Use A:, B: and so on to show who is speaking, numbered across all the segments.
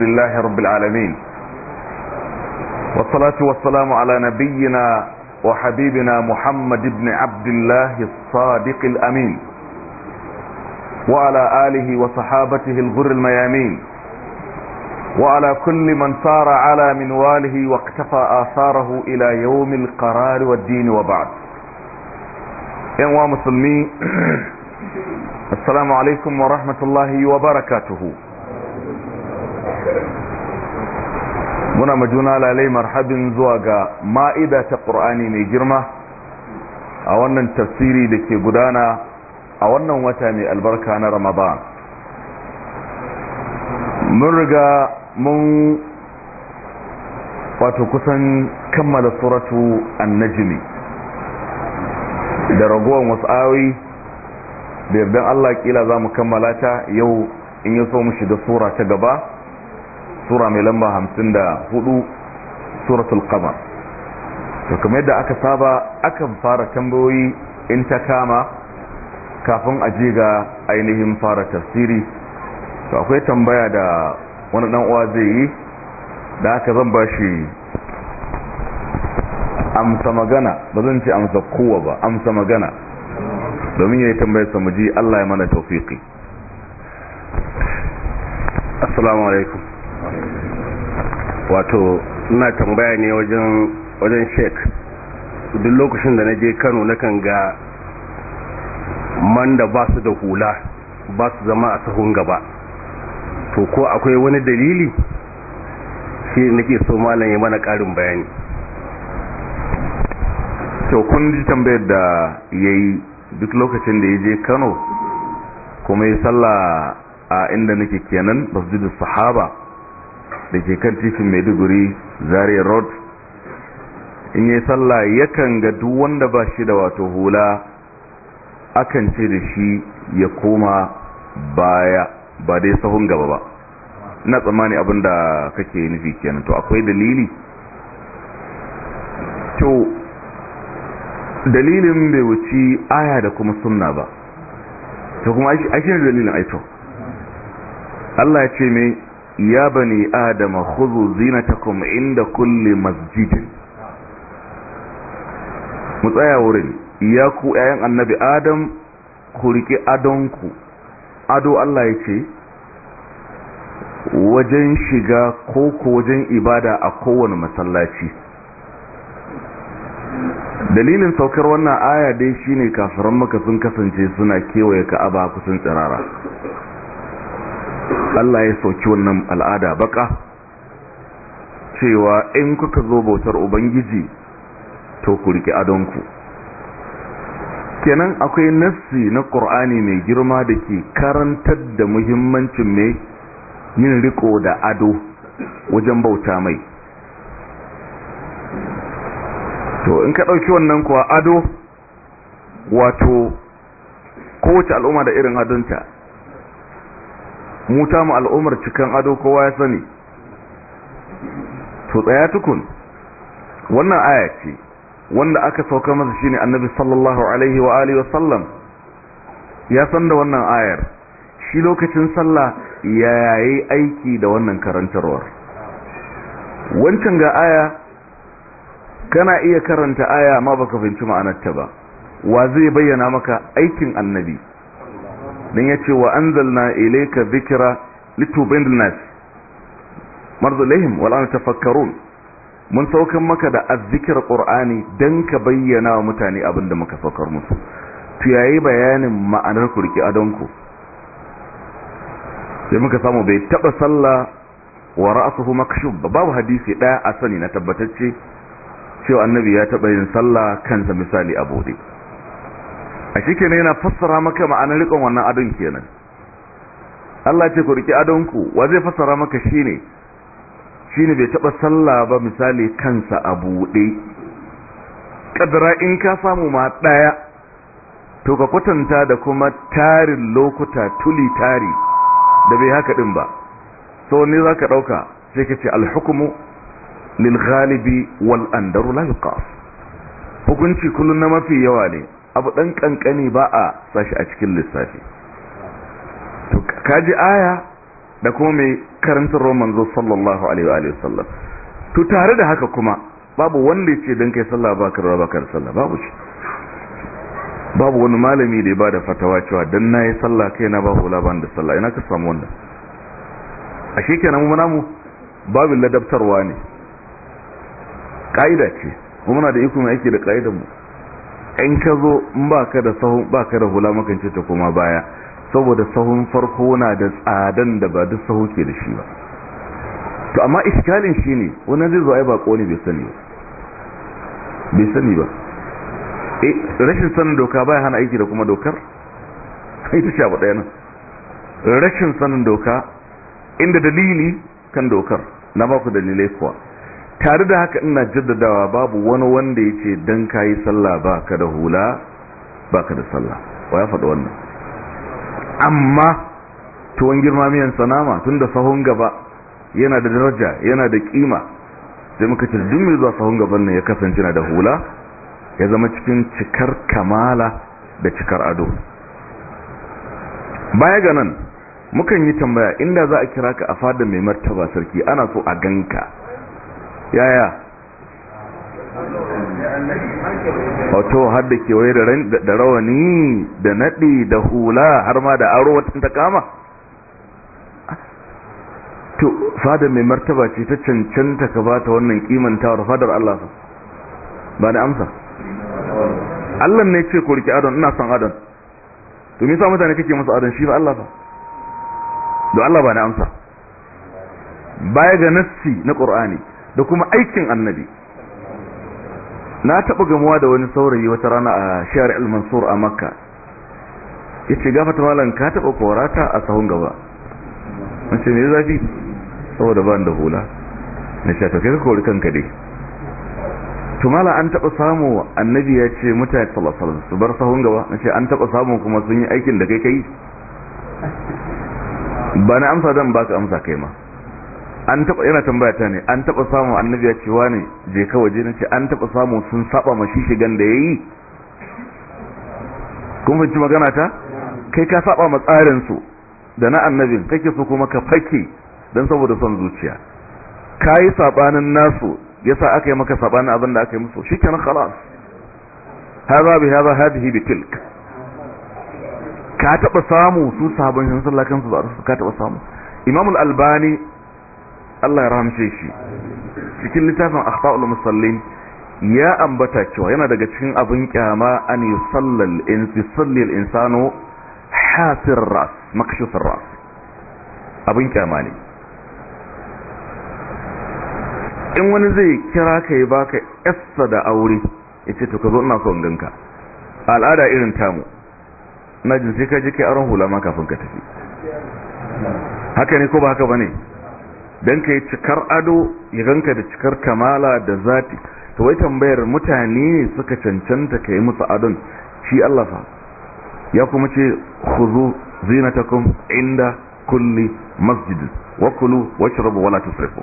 A: لله رب العالمين والصلاة والسلام على نبينا وحبيبنا محمد بن عبد الله الصادق الأمين وعلى آله وصحابته الغر الميامين وعلى كل من صار على منواله واقتفى آثاره إلى يوم القرار والدين وبعد إنوا مسلمين السلام عليكم ورحمة الله وبركاته muna juna lalai marhabin zuwa ga ma'ida ta ƙur'ani mai girma a wannan tafsiri da ke gudana a wannan wata mai albarka na ramadan mun riga mun wato kusan kammala suratu jini da ragowar wasu ayoyi da yardan allah kila za mu kammala ta yau in ya so mu shiga sura ta gaba sura mai lamba hamsin da hudu suratul qamar to kamar yadda aka saba akan fara tambayoyi in ta kama kafin a je ga ainihin fara tafsiri to akwai tambaya da wani dan uwa zai yi da aka zan ba shi amsa magana ba zan ce amsa kowa ba amsa magana domin ya yi tambayar samuji Allah ya mana taufiki assalamu alaikum wato ina tambaya ne wajen wajen sheik duk lokacin da na je kano na kan ga man da ba su da hula ba su zama a sahun gaba to ko akwai wani dalili shi nake so malam ya mana karin bayani to kun ji tambayar da ya yi duk lokacin da ya je kano kuma ya salla a inda nake kenan da sahaba da ke kan titin maiduguri zaria road in yi sallah yakan ga duk wanda ba shi da wato hula akan ce da shi ya koma baya ba dai sahun gaba ba ina tsammani abin kake nufi kenan to akwai dalili to dalilin bai wuci aya da kuma sunna ba to kuma ake dalilin aito Allah ya ce mai يا ta آدم خذوا زينتكم عند كل مسجد متأيا ورين ياكو أيان النبي آدم خلقي أدونكو أدو Allah yace wajen shiga ko ko wajen ibada a kowane masallaci dalilin saukar wannan aya dai shine kafiran maka sun kasance suna kewaye Aba kusan tsirara Allah ya sauki wannan al'ada baka cewa in kuka zo bautar ubangiji to ku rike adonku kenan akwai nassi na ƙur'ani mai girma da ke karantar da muhimmancin mai yin riko da ado wajen bauta mai to in ka ɗauki wannan kuwa ado wato kowace al'umma da irin adonta mu ta mu al'ummar cikin ado kowa ya sani to tsaya tukun wannan aya ce wanda aka sauka masa shine annabi sallallahu alaihi wa alihi wa sallam ya san da wannan ayar shi lokacin sallah ya yayi aiki da wannan karantarwar wancan ga aya kana iya karanta aya ma baka fahimci ma'anarta ba wa zai bayyana maka aikin annabi dan ce wa anzalna ilayka dhikra litubayyana lin-nas marzulihim wal tafakkarun mun saukan maka da azzikir ƙur'ani dan ka bayyana wa mutane abin da muka saukar musu Tuyayi yayi bayanin ma'anar kurki adonku sai muka samu bai taba sallah wa ra'suhu makshub babu hadisi daya a sani na tabbatacce cewa annabi ya taba yin sallah kansa misali abu dai a shi kenan yana fassara maka ma'anar rikon wannan adon kenan Allah ce ku riki adonku wa zai fassara maka shine shine bai taba sallah ba misali kansa a buɗe kadara in ka samu ma daya to ka kwatanta da kuma tarin lokuta tuli tari da bai haka din ba so ne zaka dauka sai ka ce al-hukmu lil ghalibi wal andaru la yuqas hukunci kullun na mafi yawa ne abu dan ƙanƙani ba a sashi a cikin lissafi to kaji aya da kuma mai karantar roman zo sallallahu alaihi wa sallam to tare da haka kuma babu wanda ce dan kai sallah ba ka ba kar sallah babu shi babu wani malami da ya bada fatawa cewa dan nayi sallah kai na hula laban da sallah ina ka samu wannan a shi kenan mu namu babin ladabtarwa ne ka'ida ce muna da iko mai ake da ka'idan mu in ka zo in ba ka da sahun ba ka da hula ce ta koma baya saboda sahun farko na da tsadan da ba duk sahu ke da shi ba to amma iskalin shi ne wani zai zo ai bako ne bai sani ba bai sani ba eh rashin sanin doka baya hana aiki da kuma dokar sai ta shafa ɗaya nan rashin sanin doka inda dalili kan dokar na ba ku dalilai kuwa tare da haka ina jaddadawa babu wani wanda ya ce don ka yi sallah ba ka da hula ba ka da sallah wa ya faɗi wannan amma tuwon girma miyan sanama tun da sahun gaba yana da daraja yana da ƙima sai muka ce duk mai zuwa sahun gaban nan ya kasance na da hula ya zama cikin cikar kamala da cikar ado baya ga nan mukan yi tambaya inda za a kira ka a fadar mai martaba sarki ana so a ganka yaya wato har da kewaye da rawani da naɗi da hula har ma da aro watan ta kama to fada mai martaba ce ta cancanta ka ba ta wannan kimantawar fadar Allah su ba da amsa Allah ne ce ku riki adon ina son adon to me yasa mutane kake masa adon shi ba Allah ba don Allah ba da amsa baya ga nassi na Qur'ani da kuma aikin annabi na taɓa gamuwa da wani saurayi wata rana a shari al-mansur a makka ya ce ta malam ka taɓa korata a sahun gaba mace mai zafi saboda ban da hula na shafa kai ka kori kanka dai tumala an taɓa samu annabi ya ce mutane salasalan su bar sahun gaba na an taɓa samu kuma sun yi aikin da kai kai ba na amsa zan baka amsa kai ma an taba yana tambaya ta ne an taba samu annabi ya ce wani je ka waje ce an taba samu sun saba ma shi shigan da yayi kun fahimci magana ta kai ka saba ma tsarin su da na annabin kake so kuma ka fake dan saboda son zuciya kai sabanin nasu yasa aka yi maka sabanin abin da aka yi musu shikenan khalas hada bi hada hadihi bi tilk ka taba samu su sabon sun sallakan su ba ka taba samu Imam al albani Allah ya rahamce shi cikin littafin akhta'ul musallin ya ambata cewa yana daga cikin abin kyama an yusallal in yusalli al-insanu hasir ras makshus ras abin kyama ne in wani zai kira ka yi baka yassa da aure yace to ka zo ina son ganka al'ada irin tamu na jin sai ka ji kai aron hula ma kafin ka tafi haka ne ko ba haka bane Dan ka yi cikar ado ya ganka da cikar kamala da zati to wai tambayar mutane ne suka cancanta ka yi musu adon shi Allah fa ya kuma ce khuzu zinatakum inda kulli masjid wa kulu washrabu wala tusrifu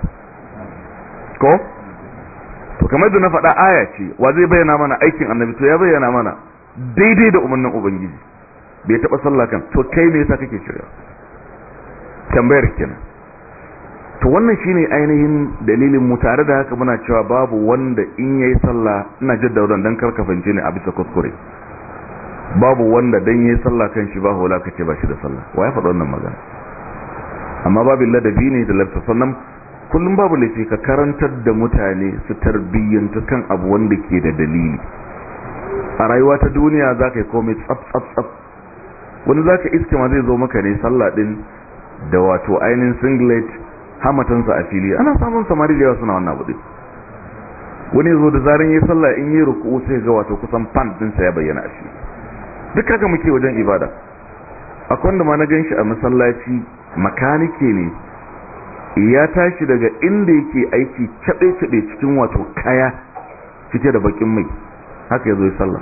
A: ko to kamar da na faɗa aya ce wa zai bayyana mana aikin annabi to ya bayyana mana daidai da umarnin ubangiji bai taɓa sallah kan to kai ne yasa kake shirya tambayar kenan to wannan shine ainihin dalilin mu tare da haka muna cewa babu wanda in yayi sallah ina jaddada dan karkafince ne a bisa kuskure babu wanda dan yayi sallah kan shi ba hola kace ba shi da sallah wa ya faɗa wannan magana amma babu ladabi ne da lafsa sannan kullum babu laifi ka karantar da mutane su tarbiyyanta kan abu wanda ke da dalili a rayuwa ta duniya za ka komai tsaf tsaf tsaf wani za ka iske ma zai zo maka ne sallah din da wato ainihin singlet hamatansa a fili ana samun samari da yawa suna wannan abu wani zo da zarin yi sallah in yi ruku sai ga wato kusan fan ɗinsa ya bayyana a fili duk haka muke wajen ibada akwai wanda ma na gan a masallaci makanike ne ya tashi daga inda yake aiki caɓe-caɓe cikin wato kaya cike da bakin mai haka ya zo sallah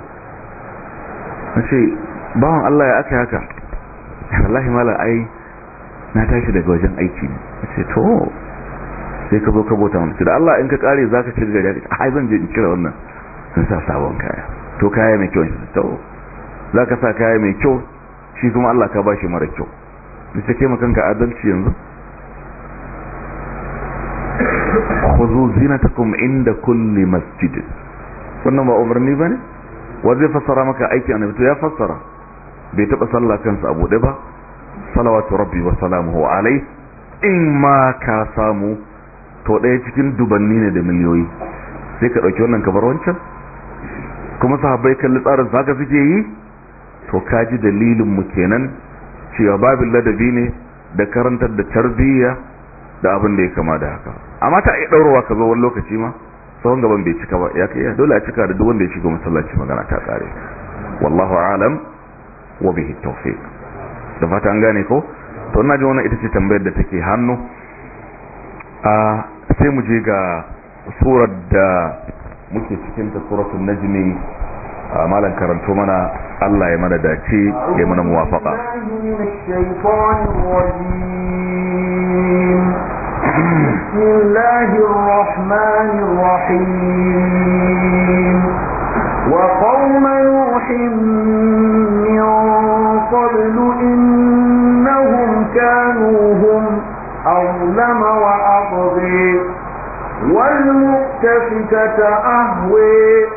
A: na ce bawan allah ya aka haka wallahi mala ai na tashi daga wajen aiki ne ce to sai ka zo ka bota wani da Allah in ka kare za ka cire gari a zan je in cire wannan sun sa sabon kaya to kaya mai kyau to za ka sa kaya mai kyau shi kuma Allah ka bashi mara kyau da ta ke makanka adalci yanzu ta kuma inda kulli masjid wannan ba umarni ba ne zai fassara maka aiki annabi to ya fassara bai taba sallah kansa abu ba salawatu rabbi wa salamuhu alai in ma ka samu to ɗaya cikin dubanni ne da miliyoyi sai ka ɗauki wannan kamar wancan kuma sahabbai kalli tsarin zaka suke yi to kaji dalilin mu kenan cewa babin ladabi ne da karantar da tarbiyya da abin da ya kama da haka amma ta iya ɗaurowa ka zo wani lokaci ma tsawon gaban bai cika ba ya kai dole a cika da duk wanda ya shiga masallaci magana ta tsare wallahu alam wa bihi tawfiq da fata an gane ko to ina ji wannan ita ce tambayar da take hannu a sai mu je ga surar da muke cikin ta suratul najmi a malan karanto mana Allah ya mana dace ya mana muwafaqa
B: وقوم نوح من قبل كانوا هم أظلم وأطغي والمؤتفكة أهوي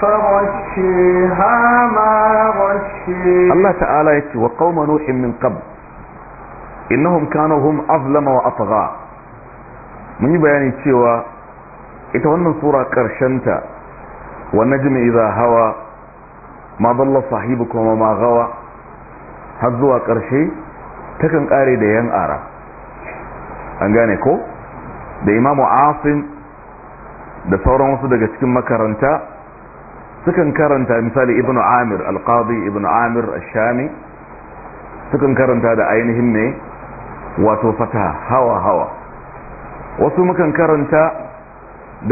A: فغشيها ما غشي الله تعالى يتي وقوم نوح من قبل إنهم كانوا هم أظلم وأطغى من يبياني تيوى ita wannan كرشنتا ta إذا هوى ما hawa ma وما غوى kuma كرشي takan kare da yan ara an gane ko da imamu asim da sauran wasu daga cikin makaranta sukan karanta misali ibn amir alqadi ibn amir ashami sukan karanta da ainihin ne wato fataha hawa hawa wasu mukan karanta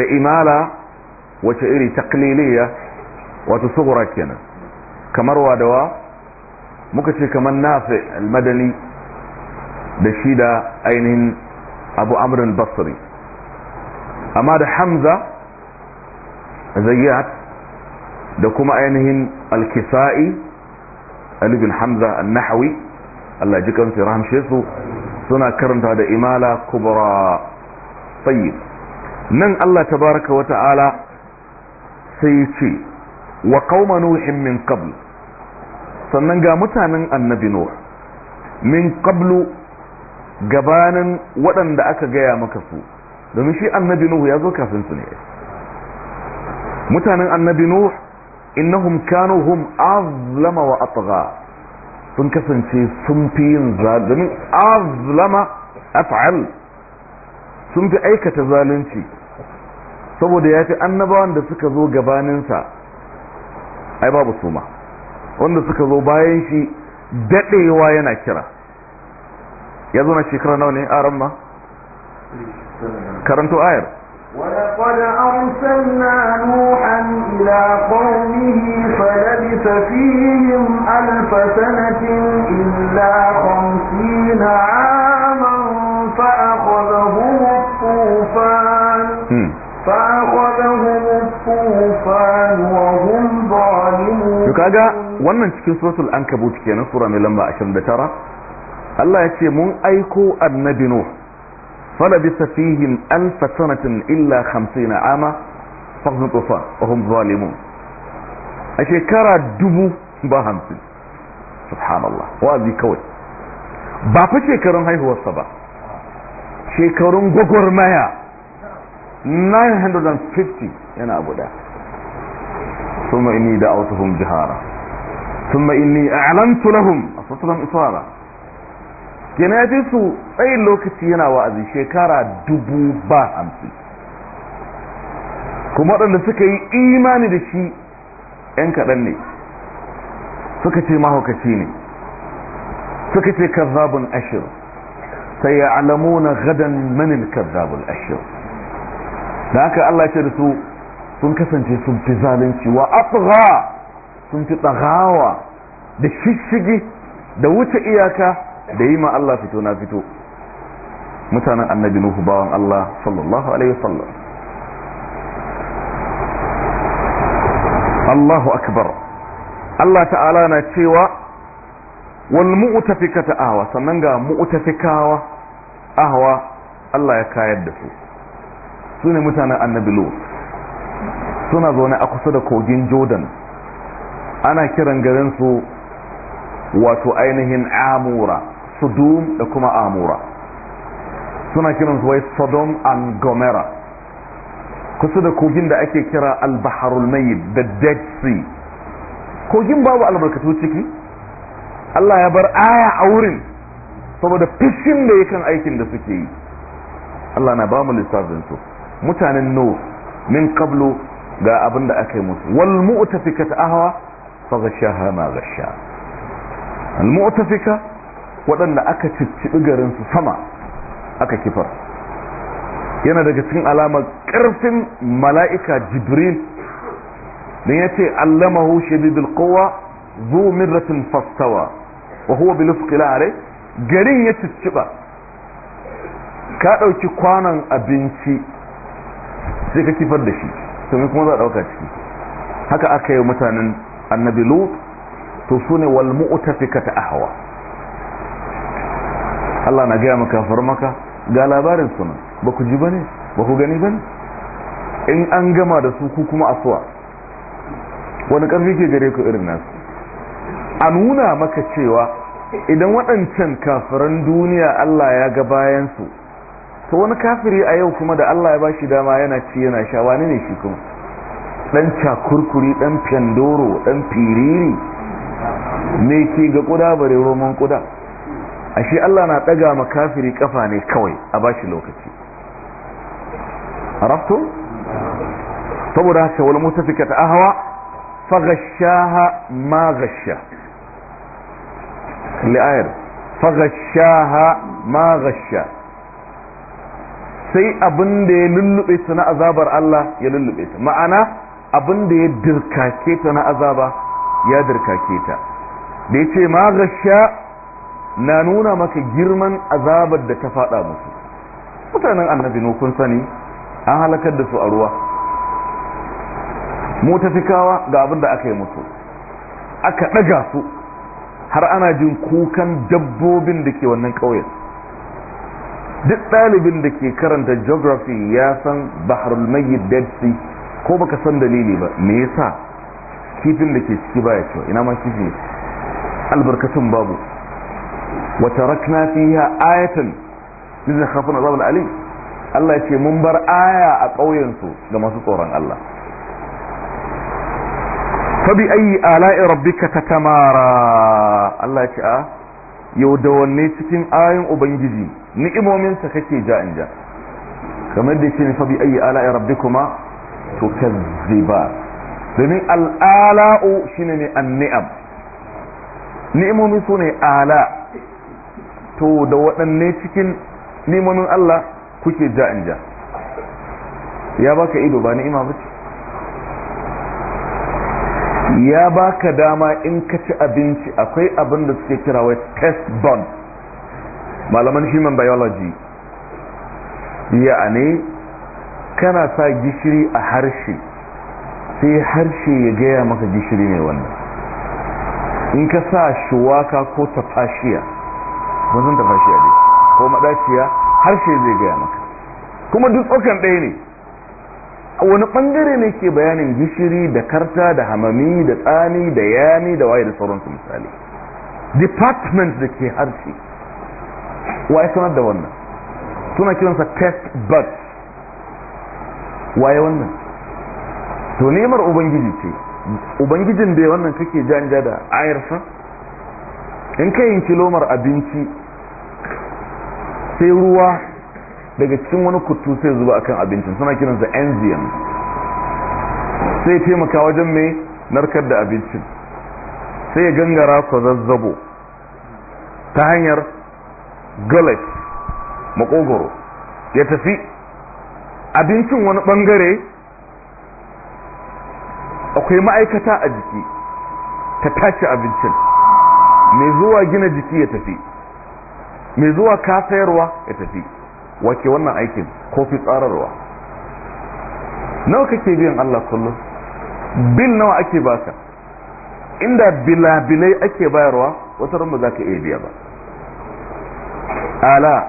A: da imala wace iri takliliya wato sugura kenan kamar wadawa muka ce kamar nafi almadani da shi da ainihin abu amrin basri amma da hamza zayyat da kuma ainihin alkisa'i alibin hamza annahawi Allah ji kansu rahamshe su suna karanta da imala kubra tsayi nan Allah tabaraka wa ta'ala sai ce wa qauma nuhin min qablu sannan ga mutanen annabi nuh min qablu gabanin waɗanda aka gaya maka su domin shi annabi nuhu ya zo kafin su ne mutanen annabi nuhu innahum kanu hum azlama wa atgha sun kasance sun fi yin zalimi azlama af'al sun fi aikata zalunci saboda ya fi annabawan da suka zo gabaninsa ai babu suma wanda suka zo bayan shi daɗewa yana kira ya zo na shekara nawa ne a ramma. karanto ayar ولقد أرسلنا
B: نوحا إلى قومه فلبث فيهم ألف سنة إلا خمسين عاما فأخذهم الطوفان فأخذهم الطوفان وهم ظالمون kaga
A: wannan cikin suratul ankabut kenan sura mai lamba tara. Allah ya ce mun aiko annabi Nuh falabisa fihim alfa sanatin illa 50 ama fahum tufan wa hum zalimun a shekara dubu ba hamsin subhanallah wazi kawai ba fa shekarun haihuwarsa ba shekarun gwagwarmaya 950 yana abu da ثم إني دعوتهم جهارا ثم إني أعلنت لهم أصوات لهم إصرارا kina ya su tsayin lokaci yana wa'azi shekara dubu ba hamsin kuma waɗanda suka yi imani da shi 'yan kaɗan ne suka ce mahaukaci ne suka ce kazzabun ashir sai ya na gadon manin kazzabun ashir da haka Allah ce da su sun kasance sun fi zalunci wa atgha sun fi tsagawa da shishigi da wuce iyaka da yi ma Allah fito na fito mutanen annabi nuhu bawan Allah sallallahu alaihi wasallam Allahu akbar Allah ta'ala na cewa wal mu'tafikata ahwa sannan ga mu'tafikawa ahwa Allah ya kayar da su su ne mutanen annabi lut suna zaune a kusa da kogin jordan ana kiran garinsu wato ainihin amura sodom da kuma amura suna kiransu wai sodom and gomera kusa da kogin da ake kira Al Al-Baharul mai da dead sea kogin babu albarkatu ciki allah ya bar aya a wurin saboda fishin da yakan aikin da suke yi allah na ba mu lissafinsu mutanen no min qablu ga abin da aka yi musu wal mu'tafikat ahwa fa gashaha ma gasha al mu'tafika waɗanda aka cicciɓi garinsu sama aka kifar yana daga cikin alamar ƙarfin mala'ika jibril don ya ce allamahu shadidul kowa zu mirratin fastawa wa huwa bi lufqila garin ya cicciɓa ka ɗauki kwanon abinci sai ka kifar da shi sannan kuma za a ɗauka ciki haka aka yi mutanen annabi lut to su ne wal mu'tafikata ahwa Allah na gaya maka far maka ga labarin su ba ku ji bane ba ku gani bane in an gama da su ku kuma asuwa wani karfi ke gare ku irin nasu a nuna maka cewa idan waɗancan kafiran duniya Allah ya ga bayansu su to wani kafiri a yau kuma da Allah ya ba shi dama yana ci yana sha wani ne shi kuma dan cakurkuri ɗan fyandoro ɗan firiri me ke ga kudabare bare roman kuda ashe Allah na daga ma kafiri kafa ne kawai a bashi lokaci arabtu saboda haka wal a ahwa fa ghashaha ma ghasha li ayar fa ma ghasha sai abin da ya lullube ta na azabar Allah ya lullube ta ma'ana abin da ya dirkake ta na azaba ya dirkake ta da ya ce ma gasha na nuna maka girman azabar da ta fada musu mutanen annabi no kun sani an halakar da su a ruwa Mu kawa ga abin da aka yi musu aka ɗaga su har ana jin kukan dabbobin da ke wannan ƙauyen duk ɗalibin da ke karanta geography ya san baharul mayyit dead sea ko baka san dalili ba me yasa kifin da ke ciki baya cewa ina ma kifi albarkatun babu وتركنا فيها آية لذين خافون عذاب الأليم Allah ce mun bar aya a ƙauyensu ga masu tsoron Allah. Fabi ayi ala'i rabbika ta tamara Allah ce a yau cikin ayin Ubangiji ni'imominsa kake ja in ja. Kamar da ne ala'i rabbi kuma to Domin al'ala'u shine ne an ni'am. Ni'imomi su ne ala' to da waɗanne cikin nemomin Allah kuke ja in ja ya baka ido ba ni'ima ba ce ya baka dama in ka ci abinci akwai abin da suke kira wai test bond malaman human biology ya'ani kana sa gishiri a harshe sai harshe ya gaya maka gishiri ne wannan in ka sa shuwaka ko tafashiya kun san a dai ko madaciya harshe zai gaya maka kuma duk tsokan ɗaya ne wani ɓangare ne ke bayanin gishiri da karta da hamami da tsani da yami da waye da sauransu misali department da ke harshe waye sanar da wannan suna kiransa test buds waye wannan to nemar ubangiji ce ubangijin da wannan kake janja da ayarsa in ka kilomar kilomar abinci sai ruwa daga cikin wani kutu sai zuba akan abincin suna kiran kiransa enzyme sai taimaka wajen mai narkar da abincin sai ya gangara zazzabo ta hanyar gullet makogoro ya tafi abincin wani bangare akwai ma'aikata a jiki ta tashi abincin mai zuwa gina jiki ya tafi mai zuwa ka ya tafi wake wannan aikin ko fi tsararwa nawa kake biyan Allah kullum bil nawa ake baka inda bilabilai ake bayarwa wata ran ba za ka iya biya ba ala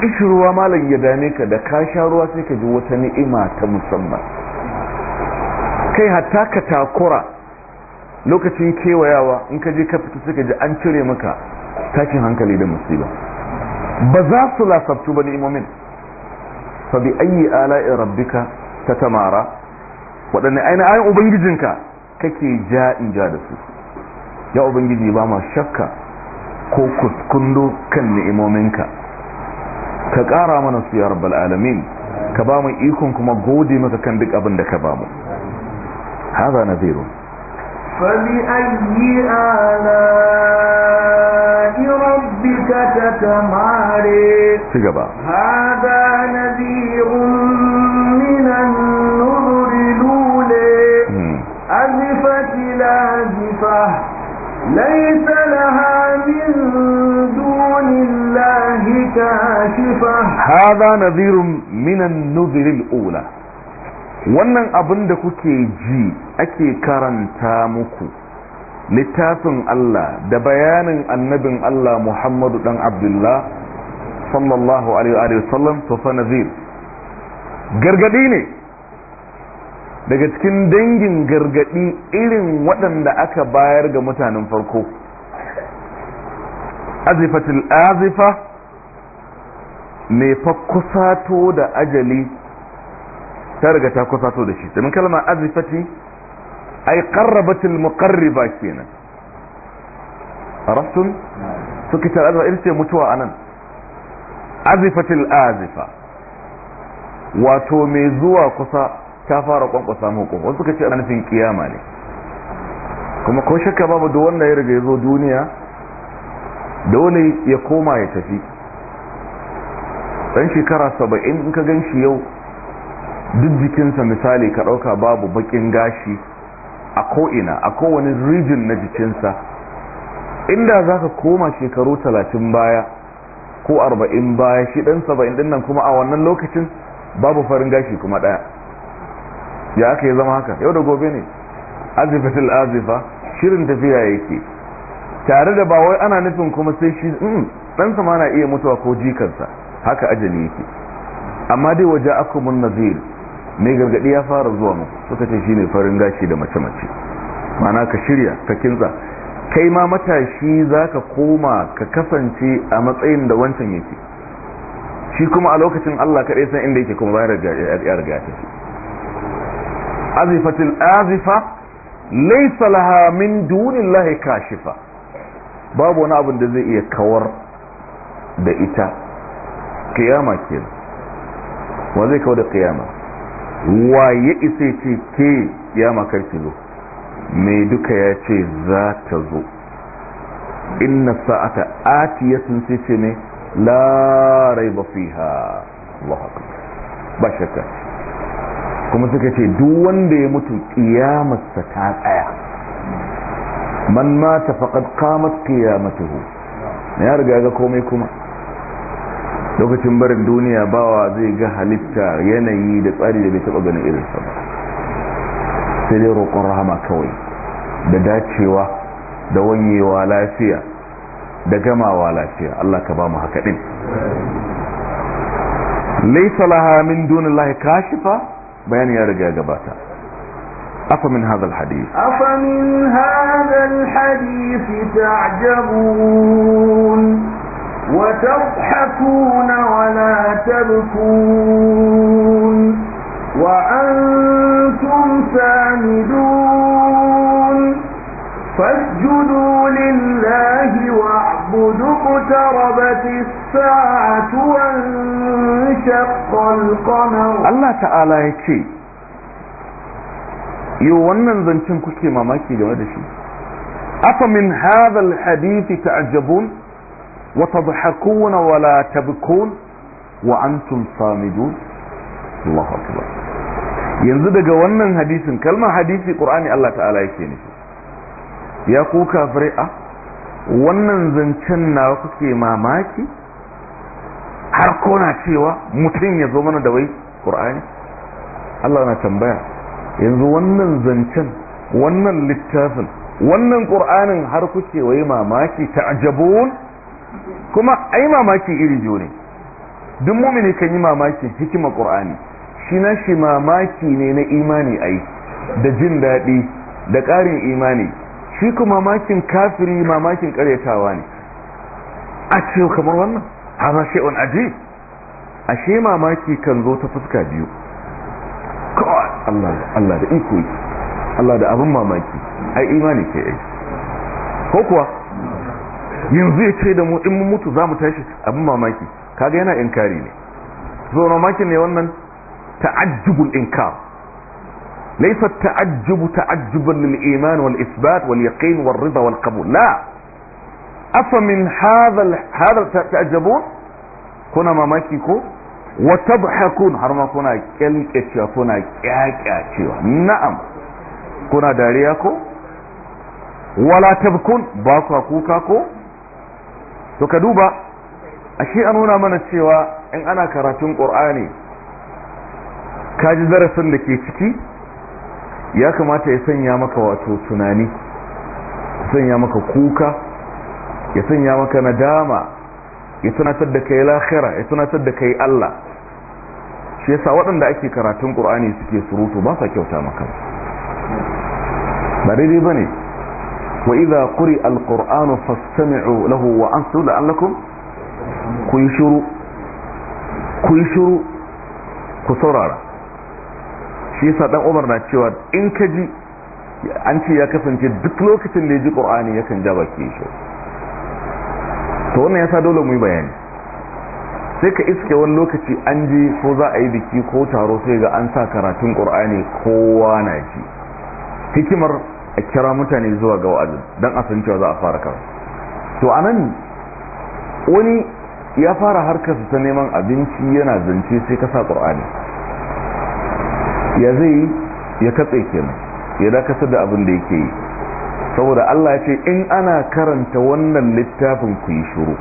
A: kishi ruwa malam ya dame ka da ka sha ruwa sai ka ji wata ni'ima ta musamman kai hatta ka takura lokacin kewayawa in ka je ka fita suka ji an cire maka tashin hankali da musiba ba za su lasabtu ba ni'imomin fa bi ayyi ala'i rabbika tatamara waɗanne aina ayin ubangijinka kake ja in ja da su ya ubangiji ba ma shakka ko kuskundo kan ni'imominka ka ƙara mana su ya rabbal alamin ka ba mu ikon kuma gode maka kan duk abin da ka ba mu haza na
B: fa bi ayyi ربك كتماري هذا نذير من النذر الأولى أزفت الآزفة ليس لها من دون الله كاشفة
A: هذا نذير من النذر الأولى wannan abin da kuke ji ake karanta muku littafin Allah da bayanin annabin Allah Muhammadu ɗan Abdullah sallallahu alaihi wasallam to fa nazir gargadi ne daga cikin dangin gargaɗi irin waɗanda aka bayar ga mutanen farko azifatul azifa ne fa kusato da ajali ta riga ta kusato da shi domin kalmar azifati ai qarrabatul muqarriba kenan arastun suka ce azifa ita ce mutuwa anan azifatil azifa wato mai zuwa kusa ta fara kwankwasa muku wasu suka ce ana kiyama ne kuma ko shakka babu da wanda ya riga yazo duniya dole ya koma ya tafi dan shekara saba'in in ka gan shi yau duk jikinsa misali ka ɗauka babu bakin gashi a ko'ina a kowane rijin na jikinsa inda za ka koma shekaru talatin baya ko arba'in baya shi ɗan saba'in ɗin nan kuma a wannan lokacin babu farin gashi kuma ɗaya ya aka yi zama haka yau da gobe ne azifatul azifa shirin tafiya yake tare da ba wai ana nufin kuma sai shi ɗansa ma na iya mutuwa ko jikansa haka ajali yake amma dai waje akumun nazir mai gargadi ya fara zuwa mu suka ce shine farin gashi da mace mace mana ka shirya ka kinza kai ma matashi zaka koma ka kasance a matsayin da wancan yake shi kuma a lokacin Allah kaɗai san inda yake kuma bayar da ya riga ta azifatil azifa laysa laha min dunillahi kashifa babu wani abin da zai iya kawar da ita kiyama ke wa zai kawar da kiyama waye isa ce ke ya ki zo mai duka ya ce za ta zo inna sa'ata atiya sun ce ne la raiba fiha ha ba shakka kuma suka ce duk wanda ya mutu kiyamarsa ta tsaya man mata faqad qamat qiyamatuhu ya riga ga komai kuma lokacin barin duniya bawa zai ga halitta yanayi da tsari da bai taba ganin irinsa ba sai dai roƙon rahama kawai da dacewa da wanyewa lafiya da gamawa lafiya Allah ka ba mu haka din laysa laha min dunillahi kashifa bayani ya riga gabata أفمن هذا الحديث أفمن هذا الحديث تعجبون
B: وتضحكون ولا تبكون وأنتم سامدون فاسجدوا لله واعبدوا اقتربت الساعة
A: وانشق القمر الله تعالى يتشي yau wannan zancen kuke mamaki game da shi afa min hadha alhadith ta'jabun وتضحكون ولا تبكون وأنتم صامدون الله أكبر yanzu daga wannan hadisin kalma hadisi ƙur'ani Allah ta'ala yake nufi ya ku kafirai a wannan zancen na kuke mamaki har ko na cewa mutum ya zo mana da wai qur'ani? Allah na tambaya yanzu wannan zancen wannan littafin wannan qur'anin har kuke wai mamaki ta'jabun kuma ai mamaki iri biyu ne duk mumini kan yi mamakin hikima ƙur'ani, shi na shi mamaki ne na imani ai da jin daɗi da ƙarin imani shi kuma mamakin kafiri mamakin ƙaryatawa ne a ce kamar wannan hama shay'un aji ashe mamaki kan zo ta fuska biyu Allah Allah da iko Allah da abin mamaki ai imani ke ai ko kuwa yanzu ya ce da mu in mun mutu za mu tashi abin mamaki kaga yana inkari ne zo mamakin ne wannan ta'ajjubul inkar laysa ta'ajjubu ta'ajjuban lil iman wal isbat wal yaqin wal rida wal qabul la afa min hadha hadha ta'ajjabun kuna mamaki ko wa tabhakun har ma kuna kyalkyacewa kuna kyakyacewa na'am kuna dariya ko wala tabkun ba kuka ko to ka duba a ashe an nuna mana cewa in ana karatun ƙur'ani ka ji darasin da ke ciki ya kamata ya sanya maka wato tunani ya sanya maka kuka ya sanya maka nadama ya tunatar da kai lahira ya tunatar da kai Allah shi yasa waɗanda ake karatun ƙur'ani suke surutu ba sa kyauta maka ba daidai ba ne وإذا قرئ القرآن فاستمعوا له وأنصوا لعلكم كيشروا كيشروا كسرارا shi yasa dan Umar na cewa in ka ji an ce ya kasance duk lokacin da ya ji Qur'ani yakan ja baki shi to wannan yasa dole mu yi bayani sai ka iske wani lokaci an ji ko za a yi biki ko taro sai ga an sa karatun Qur'ani kowa na ji hikimar a kira mutane zuwa ga wa'azin don a san cewa za a fara kawo to a nan wani ya fara harkarsa ta neman abinci yana zance sai kasa ƙur'ani ya zai ya katse kenan ya dakasar da abin da yake yi saboda Allah ya ce in ana karanta wannan littafin ku yi shuru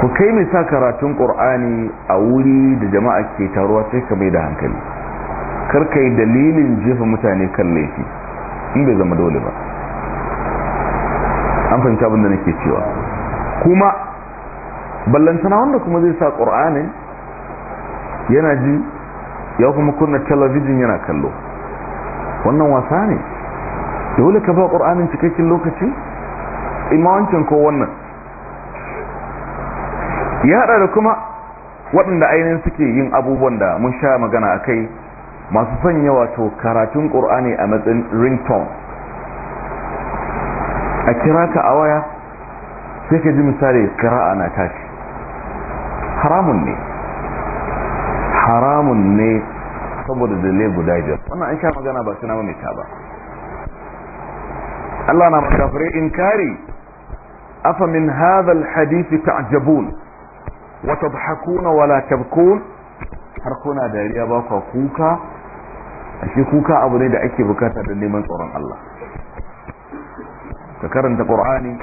A: ku kai mai sa karatun ƙur'ani a wuri da jama'a ke taruwa sai ka mai da hankali kar ka yi dalilin jefa mutane kan laifi in bai zama dole ba an fahimci abin da nake cewa kuma ballantana wanda kuma zai sa ƙur'anin yana ji ya kuma kunna talabijin yana kallo wannan wasa ne dole ka ba ƙur'anin cikakken lokaci imawancin ko wannan ya haɗa da kuma waɗanda ainihin suke yin abubuwan da mun sha magana a kai masu sanya wato karatun ƙur'ani a matsayin ringtone a kira ka a waya sai ka ji misali kira'a na tashi haramun ne haramun ne saboda dalilai guda biyar wannan an sha magana ba suna mai ta ba Allah na in kari. afa min hadha alhadith ta'jabun wa tadhakuna wa la tabkun har kuna dariya ba ku kuka ashe kuka abu ne da ake bukata da neman tsoron Allah ka karanta qur'ani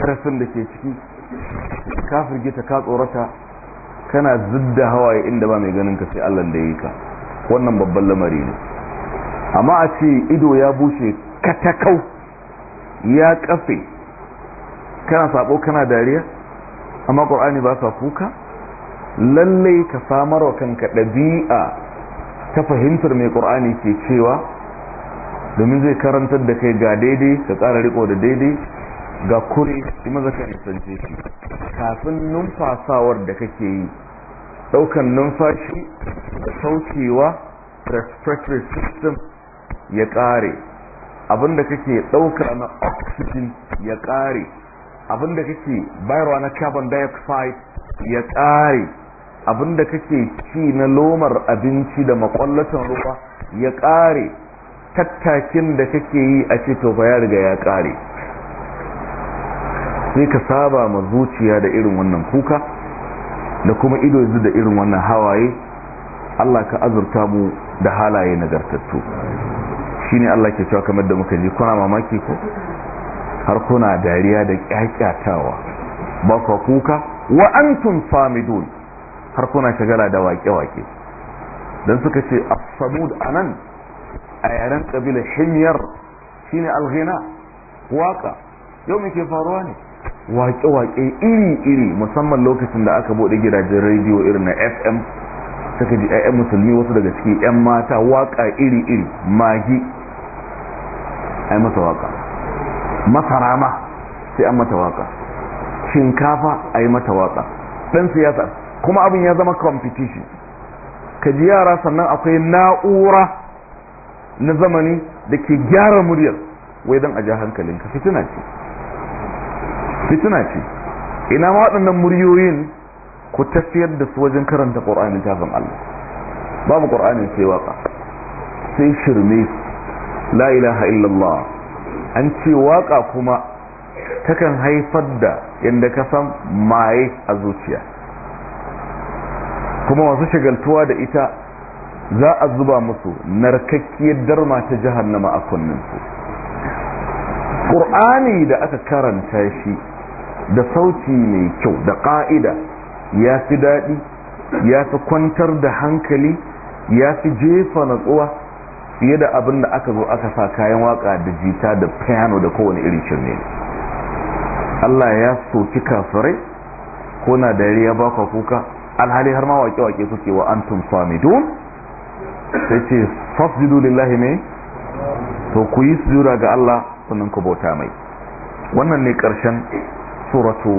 A: karasin da ke ciki ka firgita ka tsorata kana zidda hawaye inda ba mai ganin ka sai Allah da yi ka wannan babban lamari ne amma a ce ido ya bushe katakau ya kafe kana sabo kana dariya amma qur'ani ba sa kuka lallai ka samarwa kanka ɗabi'a ta fahimtar mai ƙur'ani ke cewa domin zai karantar da kai ga daidai ka tsara riko da daidai ga kure shi maza ka nisance shi kafin numfasawar da kake yi ɗaukan numfashi da saukewa respiratory system ya ƙare abinda kake ɗauka na oxygen ya ƙare abinda kake bayarwa na carbon dioxide ya ƙare abinda kake ci na lomar abinci da makwallatan ruwa ya ƙare tattakin da kake yi a ce to ba ya riga ya ƙare sai ka saba ma zuciya da irin wannan kuka da kuma ido yanzu da irin wannan hawaye Allah ka azurta mu da halaye nagartattu shine Allah ke cewa kamar da muka ji kuna mamaki ko har kuna dariya da kyakkyatawa ba kuka wa antum famidun har kuna shagala da wake-wake don suka ce a samud anan a yaren kabila himyar shine alghina waka yau muke faruwa ne wake-wake iri-iri musamman lokacin da aka bude gidajen rediyo irin na fm suka ji 'ya'yan musulmi wasu daga ciki 'yan mata waka iri-iri magi ai masa waka masara ma sai an mata waka shinkafa ai mata waka dan siyasa kuma abin ya zama competition ka ji yara sannan akwai na'ura na zamani da ke gyara muryar wai don a ja hankalinka fitina ce fitina ce ina ma waɗannan muryoyin ku tafiyar da su wajen karanta ƙor'anin tafin Allah babu ƙor'anin sai waka sai shirme la ilaha illallah an ce waka kuma takan haifar da yadda ka san maye a zuciya kuma masu shagaltuwa da ita za a zuba musu narkakkiyar darma ta jahannama a kunninsu ƙur'ani da aka karanta shi da sauti mai kyau da ƙa'ida ya fi daɗi ya fi kwantar da hankali ya fi jefa natsuwa fiye da abin da aka zo aka sa kayan waka da jita da piano da kowane irin shirme Allah ya soki kafirai ko na ya baka kuka alhali har ma waƙe wake kuke wa antum samidun sai ce fasjudu lillahi ne to ku yi sujuda ga Allah sannan ku bauta mai wannan ne karshen suratu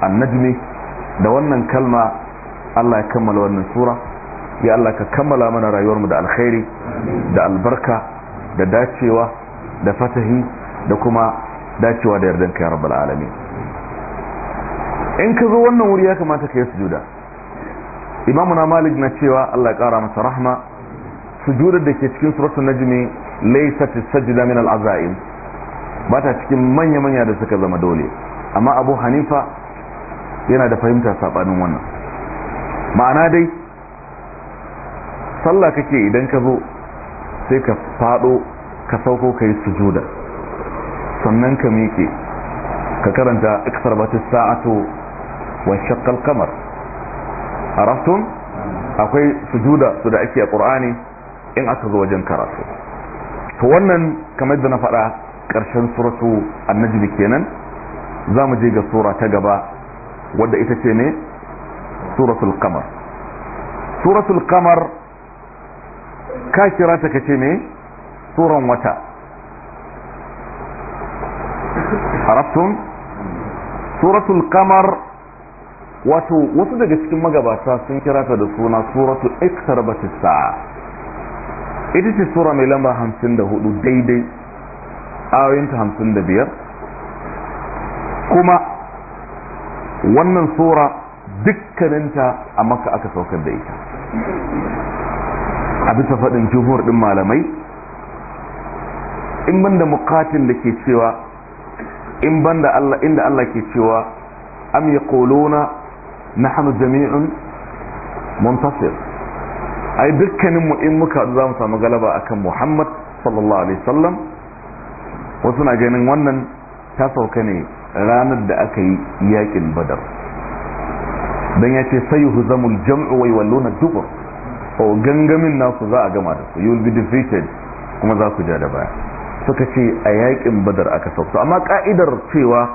A: annajmi da wannan kalma Allah ya kammala wannan sura ya Allah ka kammala mana rayuwarmu da alkhairi da albarka da dacewa da fatahi da kuma dacewa da yardanka ya rabbal alamin in ka zo wannan wuri ya kamata ka yi sujuda imamu na malik na cewa Allah ya kara masa rahma sujudar da ke cikin suratul najmi laysat sajda min al-azaim ba ta cikin manya manya da suka zama dole amma abu hanifa yana da fahimta sabanin wannan ma'ana dai sallah kake idan ka zo sai ka fado ka sauko kai sujuda sannan ka miƙe ka karanta iksar batis sa'atu wa shaqqal qamar araftum akwai sujuda su da ake a qur'ani in aka zo wajen karatu to wannan kamar da na faɗa ƙarshen suratu annajmi kenan za mu je ga sura ta gaba wadda ita ce ne suratul qamar suratul qamar ka kira ta kace ne suran wata arabtum suratul qamar wato wasu daga cikin magabata sun kira ta da suna suratu iktarabatis sa'a ita ce sura mai lamba 54 daidai ayoyinta 55 kuma wannan sura dukkaninta a maka aka saukar da ita a bisa faɗin jihuwar ɗin malamai in banda mukatin da ke cewa in banda Allah inda Allah ke cewa am yaquluna نحن jami'un منتصر ai dukkaninmu in muka za mu samu galaba kan muhammad sallallahu alaihi wasallam wasu na ganin wannan ta sauka ne ranar da aka yi yakin badar dan yace ce sai zamul jam'u wai wallo dubur o gangamin nasu za a gama da su you will be defeated kuma za ku ja da baya suka ce a yakin badar aka sauka amma ka'idar cewa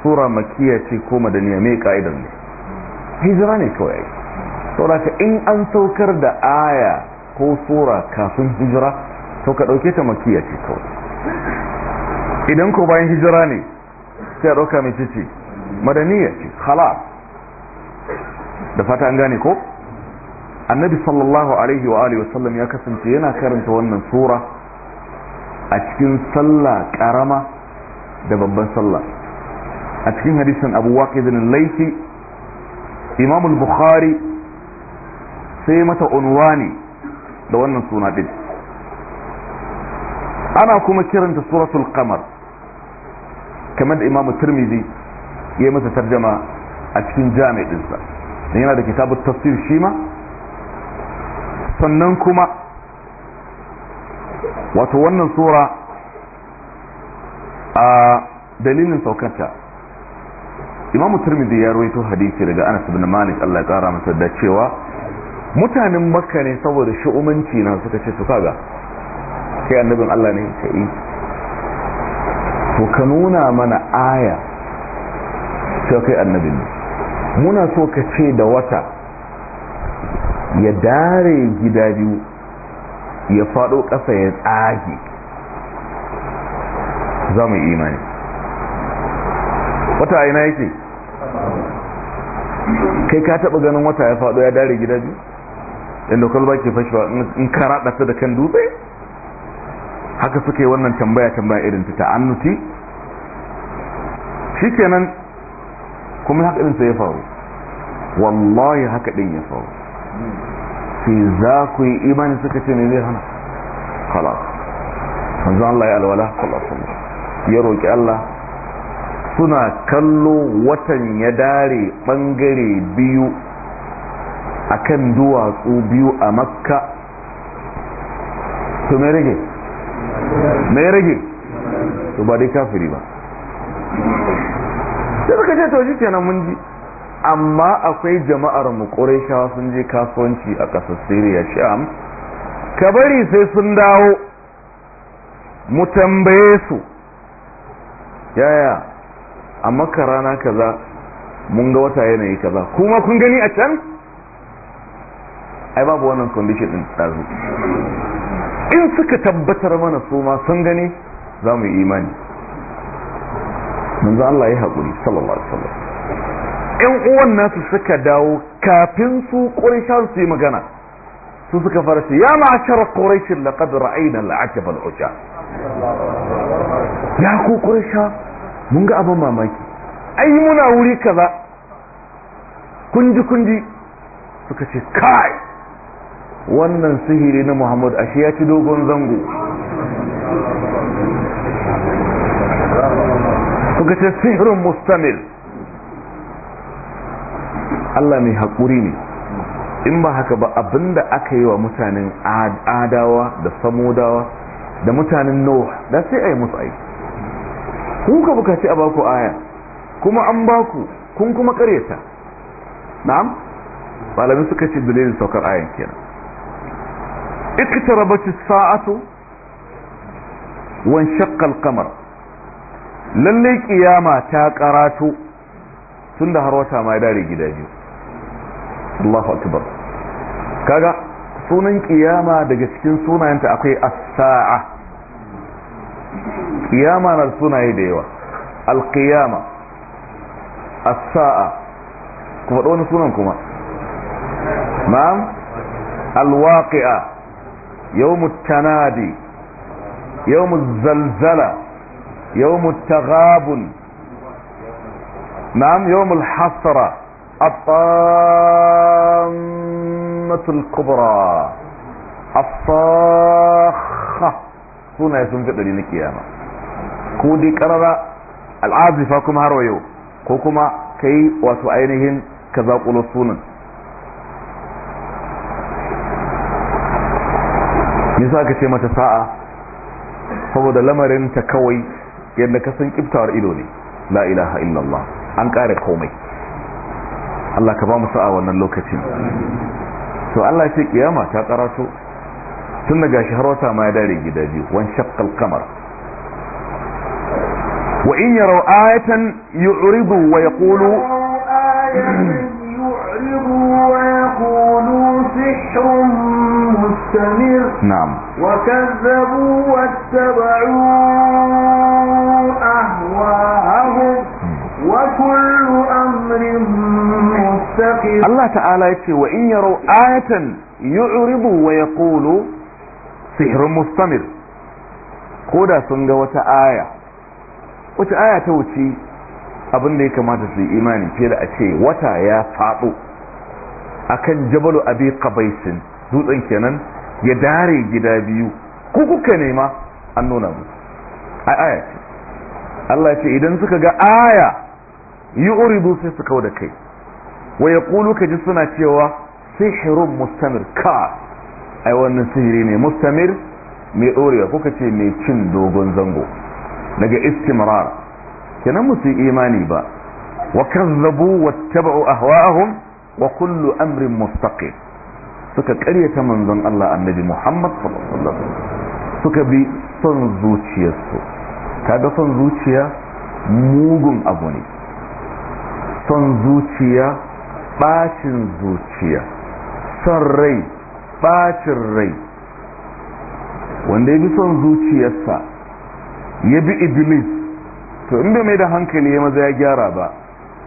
A: sura makiya ce ko madaniya mai ka'idar ne hijira ne kawai sauraka in an saukar da aya ko sura kafin hijira to ka ɗauke ta makiya ce kawai idan ko bayan hijira ne sai ɗauka mai cici madaniya ce halas da fata an gane ko annabi sallallahu alaihi wa alihi wasallam ya kasance yana karanta wannan sura a cikin sallah karama da babban sallah a cikin hadisin abu waqidin laifi imamul bukhari sai mata unwani da wannan suna din ana kuma kiranta suratul qamar kamar da imamu tirmizi ya masa tarjama a cikin jami'insa don yana da kitabun tafsir shi ma sannan kuma wato wannan sura a dalilin saukanta imam turmidi ya rawaito hadisi daga anas ibn malik Allah ya kara masa da cewa mutanen makka ne saboda shu'umanci na suka ce su kaga kai annabin Allah ne ka yi to ka nuna mana aya cewa kai annabin ne muna so ka ce da wata ya dare gida biyu ya faɗo ƙasa ya tsage za mu imani wata aina yake kai ka taɓa ganin wata ya faɗo ya dare gida biyu inda kwalba ke fashewa in kara raɗa ta da kan dutse haka suke wannan tambaya tambaya irin ta Shi kenan kuma haka din sai ya faru wallahi haka din ya faru sai za ku yi imani suka ce ne zai hana khalas manzo Allah ya alwala khalas ya roki Allah suna kallo watan ya dare ɓangare biyu kan duwatsu biyu a makka to mai rage mai rage to ba dai kafiri ba sai suka ce to ke nan mun ji amma akwai jama'ar mu ƙureshawa sun je kasuwanci a ƙasar siriya sham ka bari sai sun dawo mu tambaye su yaya a ka rana kaza mun ga wata yanayi kaza kuma kun gani a can ai babu wannan condition din dazu in suka tabbatar mana su ma sun gani za mu yi imani manzo Allah ya haƙuri sallallahu alaihi wasallam ƴan uwan nasu suka dawo kafin su ƙurishan su yi magana su suka fara ce ya ma'ashara quraysh laqad ra'ayna al'ajab al'ujab ya ku quraysha mun ga abin mamaki ai muna wuri kaza kunji kunji suka ce kai wannan sihiri na muhammad ashe ya ci dogon zango suka ce sihirin mustamil Allah mai haƙuri ne in ba haka ba abinda aka yi wa mutanen adawa da samodawa da mutanen noah da sai a yi musu aiki Kun ka bukaci a baku aya kuma an baku kun kuma karyata na'am malami suka ce dalilin saukar ayan kenan اقتربت الساعة وانشق qamar lallai kiyama ta karato tunda da har wata ma ya dare gida biyu Allahu akbar kaga sunan kiyama daga cikin sunayenta akwai as-sa'a kiyama na sunaye da yawa alkiyama as-sa'a kuma da wani sunan kuma na'am alwaqi'a yawmut tanadi yawmuz zalzala yawmut taghabun نعم يوم الحسرة الطامة الكبرى الصاخة suna sun fi ɗari na kiyama ko dai ƙarara al'azifa kuma har yau ko kuma ka yi wato ainihin ka zaƙulo sunan nisa ka ce mata sa'a saboda lamarin ta kawai yadda ka san kiftawar ido ne la ilaha illallah an ƙare komai Allah ka ba mu sa'a wannan lokacin to Allah ya ce kiyama ta karatu. tun daga shi har wata ma ya dare gida biyu wan shaqqal qamar wa in yaraw ayatan yu'ridu wa yaqulu
B: نعم وكذبوا واتبعوا أهواءهم وكل أمر
A: مستقيم الله تعالى يتي وإن يروا آية يعرضوا ويقولوا sihir mustamir ko da sun ga wata aya wata aya ta wuce abin da ya kamata su yi imani fiye da a ce wata ya faɗo akan jabalu abi qabaisin dutsen kenan ya dare gida biyu ku kuka nema an nuna mu Ai aya ce Allah ce idan suka ga aya yi uridu sai su kau da kai wa ya ka ji suna cewa sihirun mustamir ka ai wannan sihiri ne mustamir mai ɗorewa kuka ce mai cin dogon zango daga istimrar kenan musu imani ba wa kazzabu wattaba'u ahwa'ahum wa kullu amrin mustaqim suka karyata manzon Allah annabi Muhammad sallallahu alaihi suka bi son zuciyarsu kaga son zuciya mugun abu ne son zuciya bacin zuciya son rai bacin rai wanda ya bi son zuciyarsa ya bi iblis to inda mai da hankali ya maza ya gyara ba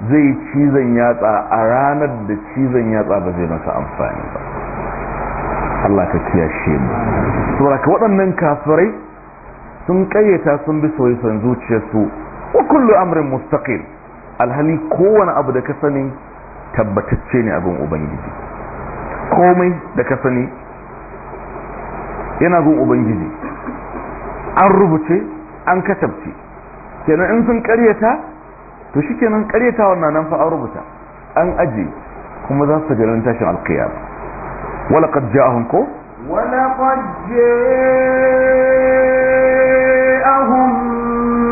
A: zai yi cizon yatsa a ranar da cizon yatsa ba zai masa amfani ba Allah ka kiyashe mu saboda waɗannan kafirai sun ƙayyata sun bi son zuciyarsu wa kullu amrin mustaqil alhali kowane abu da ka sani tabbatacce ne abin ubangiji komai da ka sani yana gun ubangiji an rubuce an kasabce kenan in sun karyata to shi kenan karyata wannan nan fa an rubuta an aje kuma za su ganin tashin alkiyar wala kad ja'ahum ko
B: wala kad ja'ahum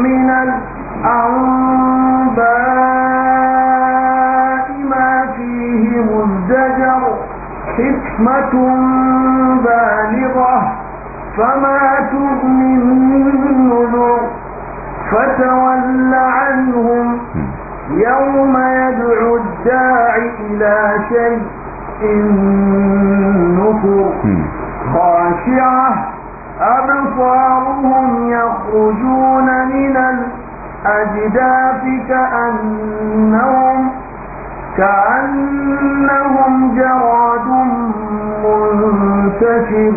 B: min al-anba حكمة بالغة فما تغني النذر فتول عنهم يوم يدعو الداعي إلى شيء نكر خاشعة أبصارهم يخرجون من الأجداف كأنهم كأنهم جراد منتشر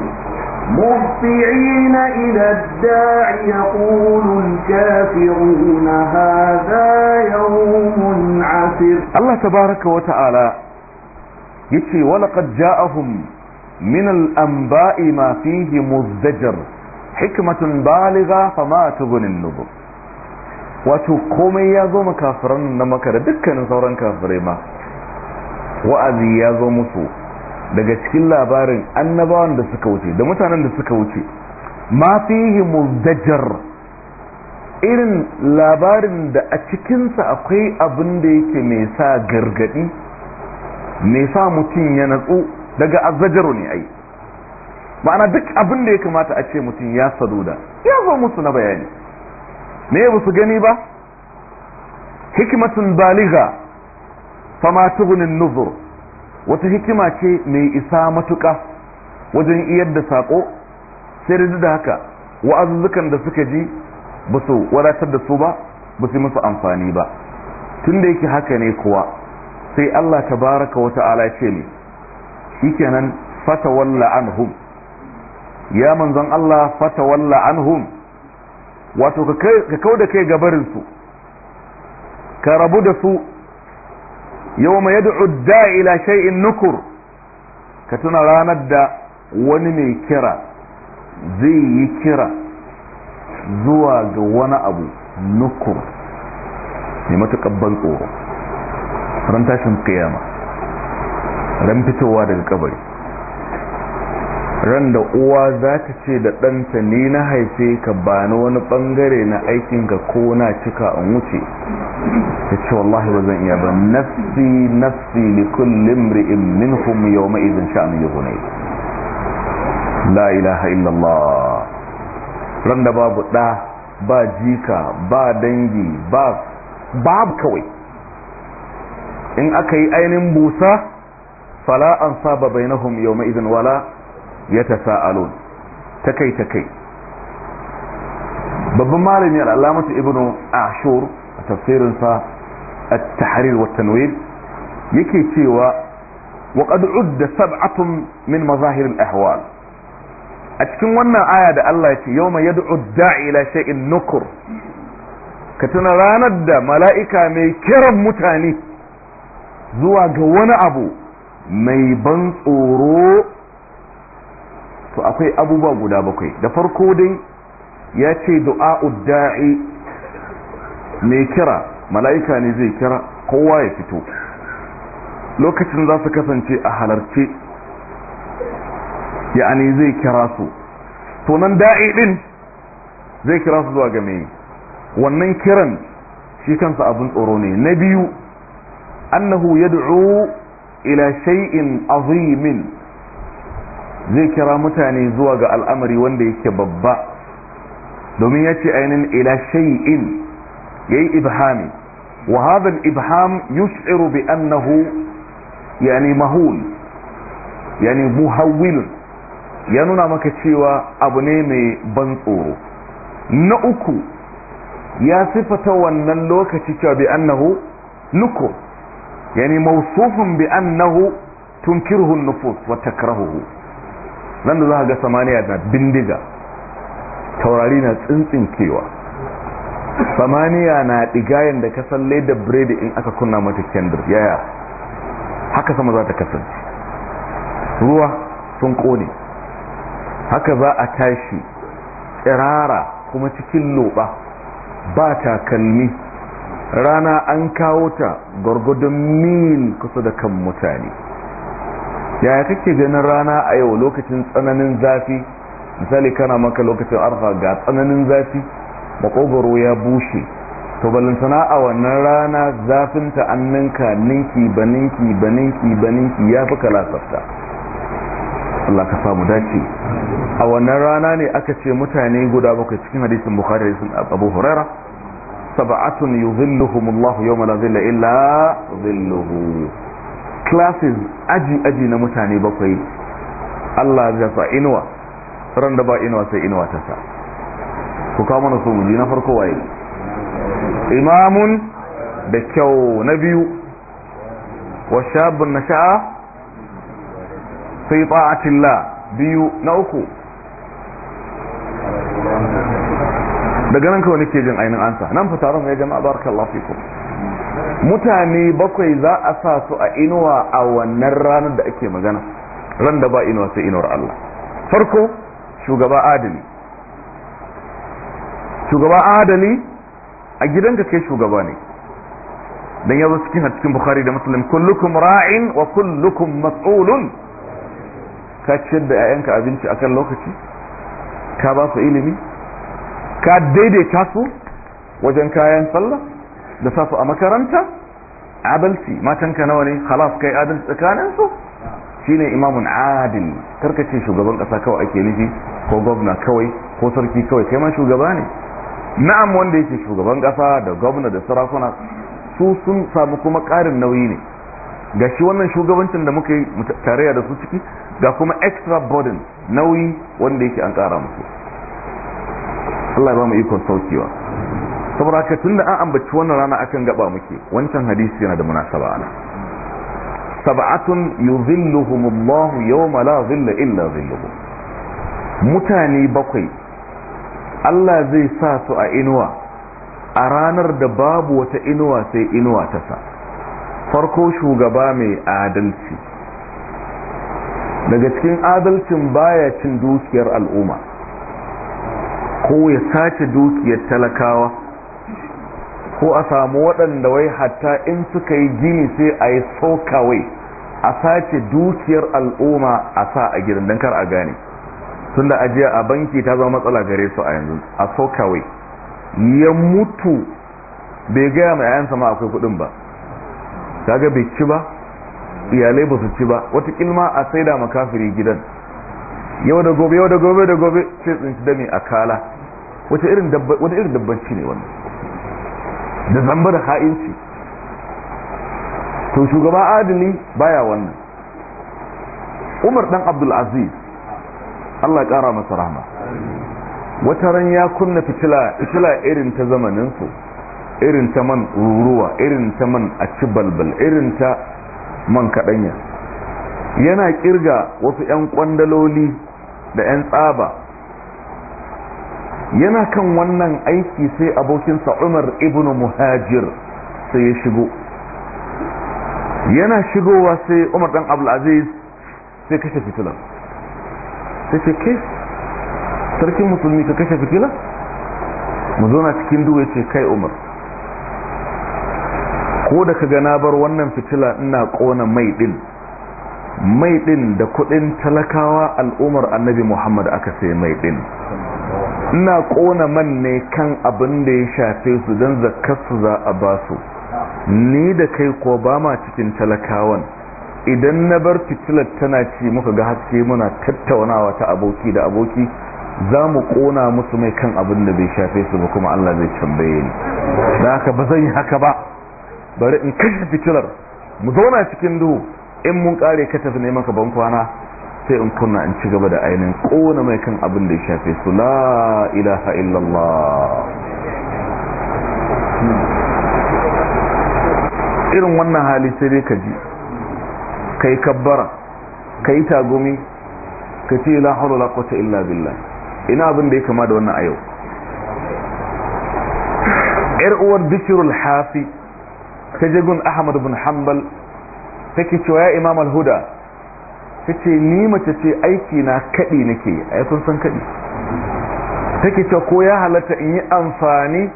B: مهطعين إلى الداع يقول الكافرون
A: هذا يوم عسر الله تبارك وتعالى يتي ولقد جاءهم من الأنباء ما فيه مزدجر حكمة بالغة فما تغني النظر wato komai ya zo makafiran na maka da dukkanin sauran kafirai ma wa'azi ya zo musu daga cikin labarin annabawan da suka wuce da mutanen da suka wuce ma fihi muzdajar irin labarin da a cikinsa akwai abin da yake mai sa gargadi mai sa mutum ya natsu daga azzajaro ne ai ma'ana duk abin da ya kamata a ce mutum ya saduda ya zo musu na bayani me ba su gani ba hikimatun baliga fama tugunin nuzur wata hikima ce mai isa matuƙa wajen iyar da saƙo sai da haka wa'azuzzukan da suka ji ba su wadatar da su ba ba su musu amfani ba tun da yake haka ne kuwa sai Allah ta baraka wata ta'ala ce ne shikenan fatawalla anhum ya manzon Allah fatawalla anhum wato ka kau da kai gabarinsu ka rabu da su yau mai yadda udda ila shay'in nukur ka tuna ranar da wani mai kira zai yi kira zuwa ga wani abu nukur mai matuƙar ban tsoro ran tashin kiyama ran fitowa daga kabari ran da uwa za ta ce da ɗanta ni na haife ka ba na wani ɓangare na aikinka ko na cika in wuce ta ce wallahi ba zan iya ba nafsi nafsi li yau imri'in minhum sha idhin sha'nu yughni la ilaha illallah ran da babu ɗa ba jika ba dangi ba babu kawai in aka yi ainihin busa fala an saba yau yawma izin wala ya tasa'alun ta kai ta kai babban malami al'alamatu ibnu ashur a tafsirinsa at-tahrir wa tanwir yake cewa wa qad udda sab'atun min mazahir al a cikin wannan aya da Allah ya ce yawma yad'u da ila in nukur ka tuna ranar da mala'ika mai kiran mutane zuwa ga wani abu mai ban tsoro to akwai abubuwa guda bakwai da farko dai ya ce du'a'ud da'i mai kira mala'ika ne zai kira kowa ya fito lokacin za su kasance a halarce ya'ani zai kira su to nan da'i din zai kira su zuwa game. wannan kiran shi kansa abin tsoro ne na biyu annahu yad'u ila shay'in azimin zai kira mutane zuwa ga al'amari wanda yake babba domin ya ce ainihin ila shay'in yayi ibhami wa hadha ibham yus'iru bi annahu yani mahul yani muhawwil ya nuna maka cewa abu ne mai ban tsoro na uku ya sifata wannan lokaci cewa bi annahu nukur yani mausufin bi annahu tunkirhu kirhun nufus wa takrahuhu nan da za ga samaniya na bindiga taurari na tsintsinkewa samaniya na ɗigayen da ka salle da biredi in aka kunna mata kendir yaya haka sama za ta kasance ruwa sun kone haka za a tashi tsirara kuma cikin loɓa ba takalmi rana an kawo ta gwargwadon mil kusa da kan mutane yaya kake ganin rana a yau lokacin tsananin zafi misali kana maka lokacin arfa ga tsananin zafi makogoro ya bushe to balantana a wannan rana zafinta an ninka ninki ba ninki ba ninki ba ninki ya fi kalasarta Allah ka samu dace a wannan rana ne aka ce mutane guda bakwai cikin hadisin bukhari da abu huraira sab'atun yuzilluhumullahu yawma la zilla illa zilluhu classes aji-aji na mutane bakwai Allah ya sa inuwa ran da ba inuwa sai inuwa ta sa ku kawo mana su muji na farko waye imamun da kyau na biyu wa shabun na sha'a sai ta'atillah biyu na uku daga nan kawai nake jin ainihin ansa nan fa taron ya jama'a barakallahu fikum mutane bakwai za a sa su a inuwa a wannan ranar da ake magana ran da ba inuwa sai inuwar Allah farko shugaba adali shugaba adali a gidanka kai shugaba ne dan yazo cikin cikin bukhari da muslim kullukum ra'in wa kullukum mas'ulun ka ciyar da 'ya'yanka abinci akan lokaci ka ba su ilimi ka daidaita su wajen kayan sallah da safu a makaranta adalci matanka nawa ne halas kai adalci su shine imamun adil karkace shugaban kasa kawai ake nufi ko gwamna kawai ko sarki kawai kai ma shugaba ne na'am wanda yake shugaban kasa da gwamna da sarakuna su sun samu kuma karin nauyi ne ga shi wannan shugabancin da muka yi tarayya da su ciki ga kuma extra burden nauyi wanda yake an kara musu Allah ya ba mu ikon saukewa saboda haka tunda an ambaci wannan rana akan gaba muke wancan hadisi yana da munasaba ana sab'atun yuzilluhumullahu yawma la zilla illa zilluhu mutane bakwai Allah zai sa su a inuwa a ranar da babu wata inuwa sai inuwa ta sa farko shugaba mai adalci daga cikin adalcin baya cin dukiyar al'umma ko ya sace dukiyar talakawa ko a samu waɗanda wai hatta in suka yi gini sai a yi sokawai a sace dukiyar al'umma a sa a gidan don kar a gane tun da ajiya a banki ta zama matsala gare su a yanzu a sokawai ya mutu bai gaya mai ayansa ma akwai kuɗin ba kaga bai ci ba iyalai ba su ci ba wata kilma a saida makafiri gidan yau da gobe yau da gobe da gobe sai tsinci dami a kala wata irin dabbanci ne wannan da da ha'inci to shugaba adali baya wannan umar dan abdulaziz allah kara masa rahma wata ran ya kunna fitila fitila irin ta zamaninsu irin ta man ruruwa irin ta man a ci balbal irin ta man kaɗanya yana kirga wasu 'yan kwandaloli da 'yan tsaba yana kan wannan aiki sai abokinsa umar ibn muhajir sai ya shigo yana shigowa sai umar dan abdulaziz sai kashe fitilan sai ce ke sarkin musulmi ka kashe fitila mu na cikin duwa ce kai umar ko da kaga na bar wannan fitila ina kona mai din mai din da kudin talakawa al'umar annabi muhammad aka sai mai din ina kona man ne kan abin da ya shafe su don zakarsu za a ba su ni da kai ko ba ma cikin talakawan idan na bar fitilar tana ci muka ga haske muna tattaunawa ta aboki da aboki za mu kona musu mai kan abin da bai shafe su ba kuma Allah zai tambaye ni da haka ba zan yi haka ba bari in kashe fitilar mu zauna cikin duhu in mun kare ka tafi neman ka ban kwana sai in kunna in ci gaba da ainihin kona mai kan abin da ya shafe su la ilaha illallah irin wannan hali sai dai ka ji ka yi kabbara ka yi tagomi ka ce la haru la illa billah ina abin da ya kama da wannan ayau yau yar uwar bishirul hafi ta jagun ahmad bin hanbal take cewa ya imam al-huda ta ce ni mace ce aiki na kaɗi nake a sun san kaɗi take ce ko ya halatta in yi amfani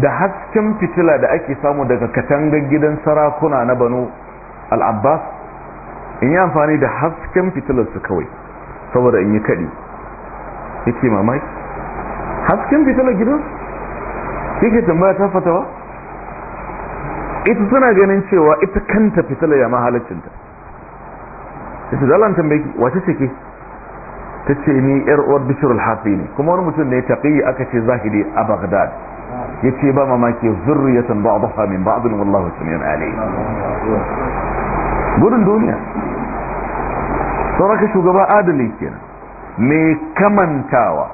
A: da hasken fitila da ake samu daga katangar gidan sarakuna na banu al'abbas in yi amfani da hasken fitilarsu kawai saboda in yi kaɗi yake mamaki hasken fitilar gidan yake tambaya ta ba ita suna ganin cewa ita kanta fitilar ya mahalacinta yace zallan tambaye wace ce ke tace ni yar uwar bishrul ne kuma wani mutum ne taqi aka ce zahidi a baghdad yace ba mamaki zurriyatan ba'daha min ba'd wallahu samian alim gudun duniya sauraka shugaba adali kenan mai kamantawa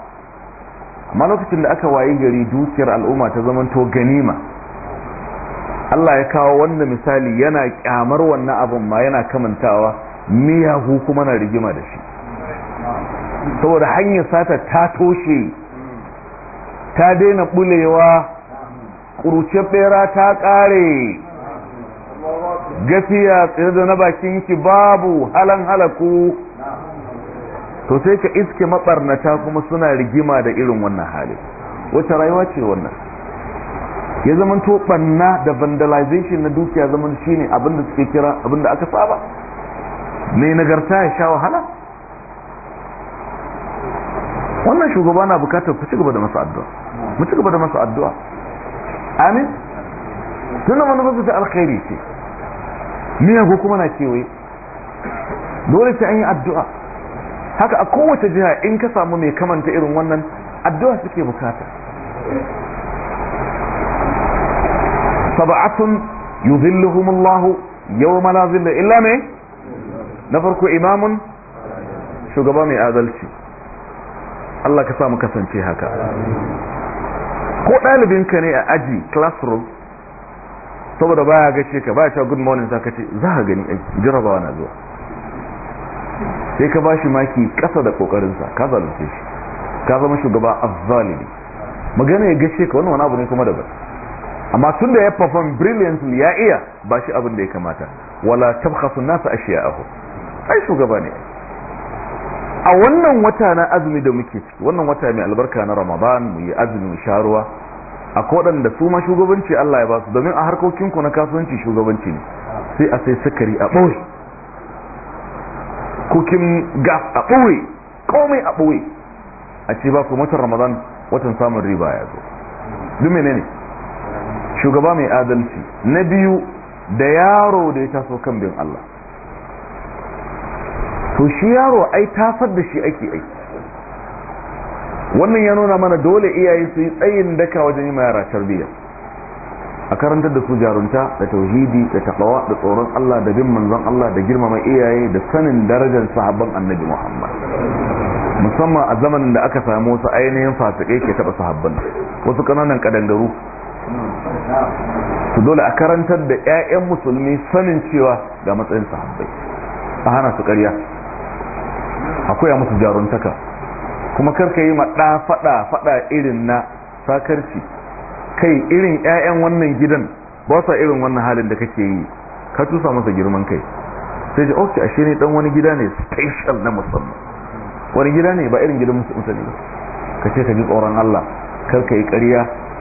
A: amma lokacin da aka waye gari dukiyar al'umma ta zamanto ganima Allah ya kawo wannan misali yana kyamar wannan abin ma yana kamantawa miyahu kuma na rigima da shi saboda hanyar sata ta toshe ta daina bulewa ƙurce ɓera ta ƙare gafiya tsaye da na bakinki babu halan halaku to sai ka iske maɓarnata kuma suna rigima da irin wannan hali wacce rayuwa ce wannan ya zaman to da vandalization na dukiya zaman shine abinda suke kira abinda aka saba mai nagarta ya sha wahala wannan shugaba na bukatar ku ci gaba da masa addu'a mu ci gaba da masa addu'a amin tunda manufarsa ta alkhairi ce miyagu kuma na kewaye dole sai an yi addu'a haka a kowace jiha in ka samu mai kamanta irin wannan addu'a suke bukata sab'atun yuzilluhumullahu yawma la zilla illa mai na farko imamun shugaba mai adalci Allah ka samu kasance haka ko ɗalibinka ne a aji classroom saboda baya gace ka baya cewa good morning za ka ce za ka gani jarabawa na zuwa sai ka bashi maki kasa da kokarinsa ka zalunce shi ka zama shugaba a azzalimi magana ya gashe ka wannan wani abu ne kuma daban amma tun da ya perform brilliantly ya iya ba shi abin da ya kamata wala tabkhasu nasa ahu ai shugaba ne a wannan wata na azumi da muke ciki wannan wata mai albarka na ramadan mu yi azumi mu sharuwa a da su ma shugabanci Allah ya ba su domin a harkokin ku na kasuwanci shugabanci ne sai a sai sukari a ɓoye kukin gas a ɓoye komai a ɓoye a ce ba ku watan ramadan watan samun riba ya zo duk menene shugaba mai adalci na biyu da yaro da ya taso kan bin Allah to shi yaro ai tafar da shi ake ai. wannan ya nuna mana dole iyaye su yi tsayin daka wajen yi ma yara tarbiyya a karantar da su jarunta da tauhidi da taqwa da tsoron Allah da bin manzon Allah da girmama iyaye da sanin darajar sahabban annabi Muhammad musamman a zamanin da aka samu wasu ainihin fasikai ke taba sahabban wasu kananan ƙadangaru. su dole a karantar da 'ya'yan musulmi sanin cewa ga matsayin sahabbai a hana su ƙarya akwai musu jaruntaka kuma karka yi maɗa faɗa faɗa irin na sakarci kai irin 'ya'yan wannan gidan ba sa irin wannan halin da kake yi ka tusa masa girman kai sai ji ok ashe ne dan wani gida ne special na musamman wani gida ne ba irin gidan musamman ba ka ce ka ji tsoron Allah kar ka yi ƙarya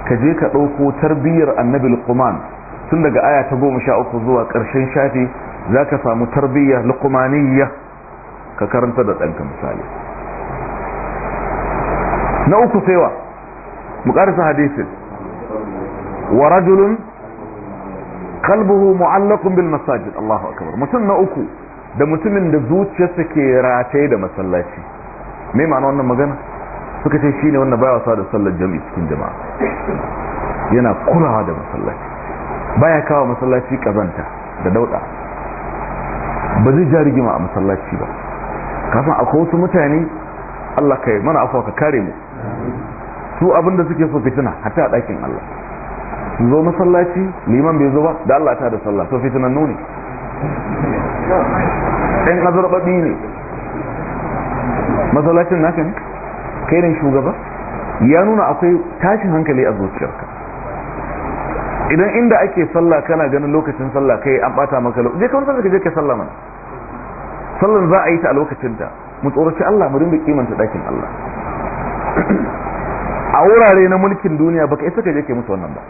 A: ka je ka ɗauko tarbiyyar annabi luqman tun daga aya ta goma sha uku zuwa ƙarshen shafi za ka samu tarbiyya luqmaniyya ka karanta da ɗanka misali na uku saiwa mu ƙarisa hadisin wa rajulun kalbuhu mu'allakun bil masajid Allahu akbar mutum na uku da mutumin da zuciyarsa ke rataye da masallaci me ma'ana wannan magana suka ce shine wannan baya wasa da sallar jami'i cikin jama'a yana kulawa da masallaci baya kawo masallaci kazanta da dauɗa ba zai ja rigima a masallaci ba kafin akwai wasu mutane Allah kai mana afuwa ka kare mu su abinda suke so fitina hatta a ɗakin Allah su zo masallaci liman bai zo ba da Allah ta da sallah so fitinan nuni ɗan azurɓaɓi ne masallacin naka ne kai ne shugaba ya nuna akwai tashin hankali a zuciyarka idan inda ake sallah kana ganin lokacin sallah kai an bata maka lokacin je ka wani sallah ka je ka sallah mana sallan za a yi ta a lokacinta mu tsoraci Allah mu dinga kimanta dakin Allah a wurare na mulkin duniya baka isa ka je ke musu wannan ba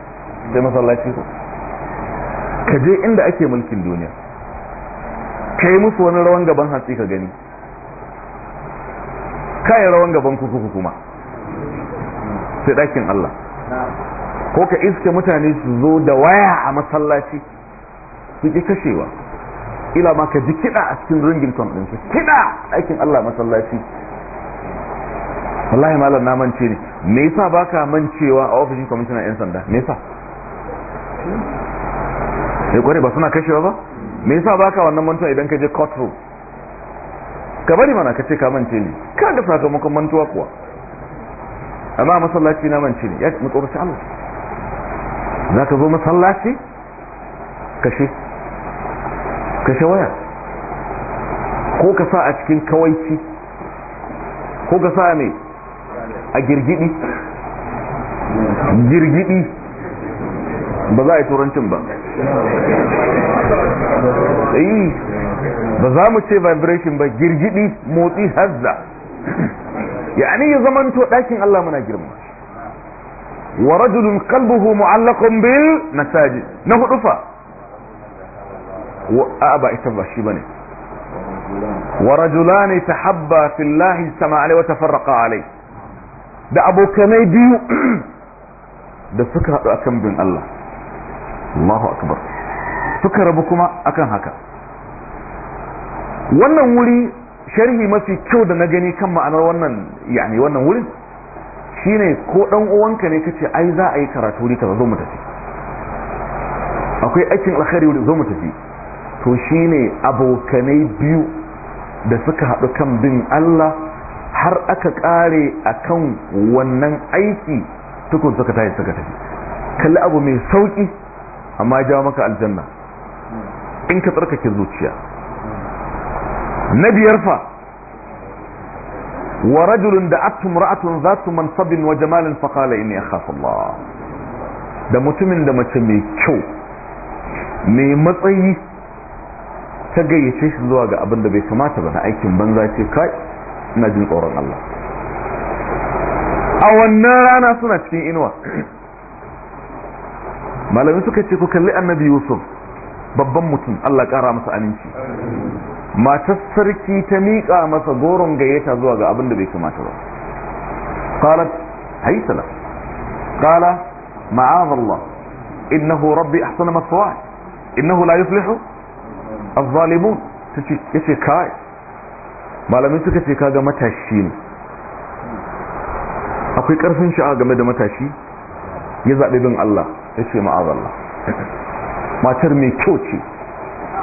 A: sai masallaci ko ka je inda ake mulkin duniya ka yi musu wani rawan gaban hatsi ka gani ka yi rawan gaban kurkuku kuma sai dakin Allah ko ka iske mutane su zo da waya a masallaci su ki kashewa ila ma ka ji kiɗa a cikin ton ɗin su kiɗa aikin Allah masallaci wallahi malam na mance ne me yasa baka mancewa a ofishin commissioner yan sanda me yasa eh kware ba suna kashewa ba me yasa baka wannan mantuwa idan ka je court room ka bari mana ka ce ka mance ne ka da sakamakon mantuwa kuwa amma masallaci na mance ne ya mu tsoraci Allah zaka zo masallaci kashe kashe waya ko ka sa a cikin kawaici ko ka sa mai a girgidi girgidi ba za a yi turancin ba yi ba za mu ce vibration ba girgidi motsi hazza yani ya zamanto ɗakin Allah muna girma wa rajulun qalbuhu mu'allaqun bil saji na hudu fa a ba ita ba shi bane wa rajulani tahabba fillahi sama alai wa tafarraqa alai da abokanai biyu da suka haɗu akan bin Allah Allahu akbar suka rabu kuma akan haka wannan wuri sharhi mafi kyau da na gani kan ma'anar wannan yani wannan wurin shine ko dan uwanka ne kace ai za a yi karatu ne ka zo mu tafi akwai aikin alkhairi zo mu tafi to shi ne abokanai biyu da suka haɗu kan bin Allah har aka ƙare a kan wannan aiki tukun suka tayi suka tafi kalli abu mai sauƙi amma jawo maka aljanna in ka tsarkake zuciya na biyar fa wa rajulun da atum ra'atun za su mansabin wa jamalin faƙala in ya Allah da mutumin da mace mai kyau mai matsayi ta gayyace shi zuwa ga abinda bai kamata ba na aikin banza ce kai ina jin tsoron Allah a wannan rana suna cikin inuwa malami suka ce ku kalli annabi yusuf babban mutum Allah kara masa aminci matar sarki ta miƙa masa goron gayyata zuwa ga abinda bai kamata ba qalat haysala qala ma'azallah innahu rabbi ahsana maswaya innahu la yuflihu azzalimun ya ce kai malamin suka ce kaga matashi ne akwai karfin sha'a game da matashi ya zaɓi bin Allah ya ce ma'azallah matar mai kyau ce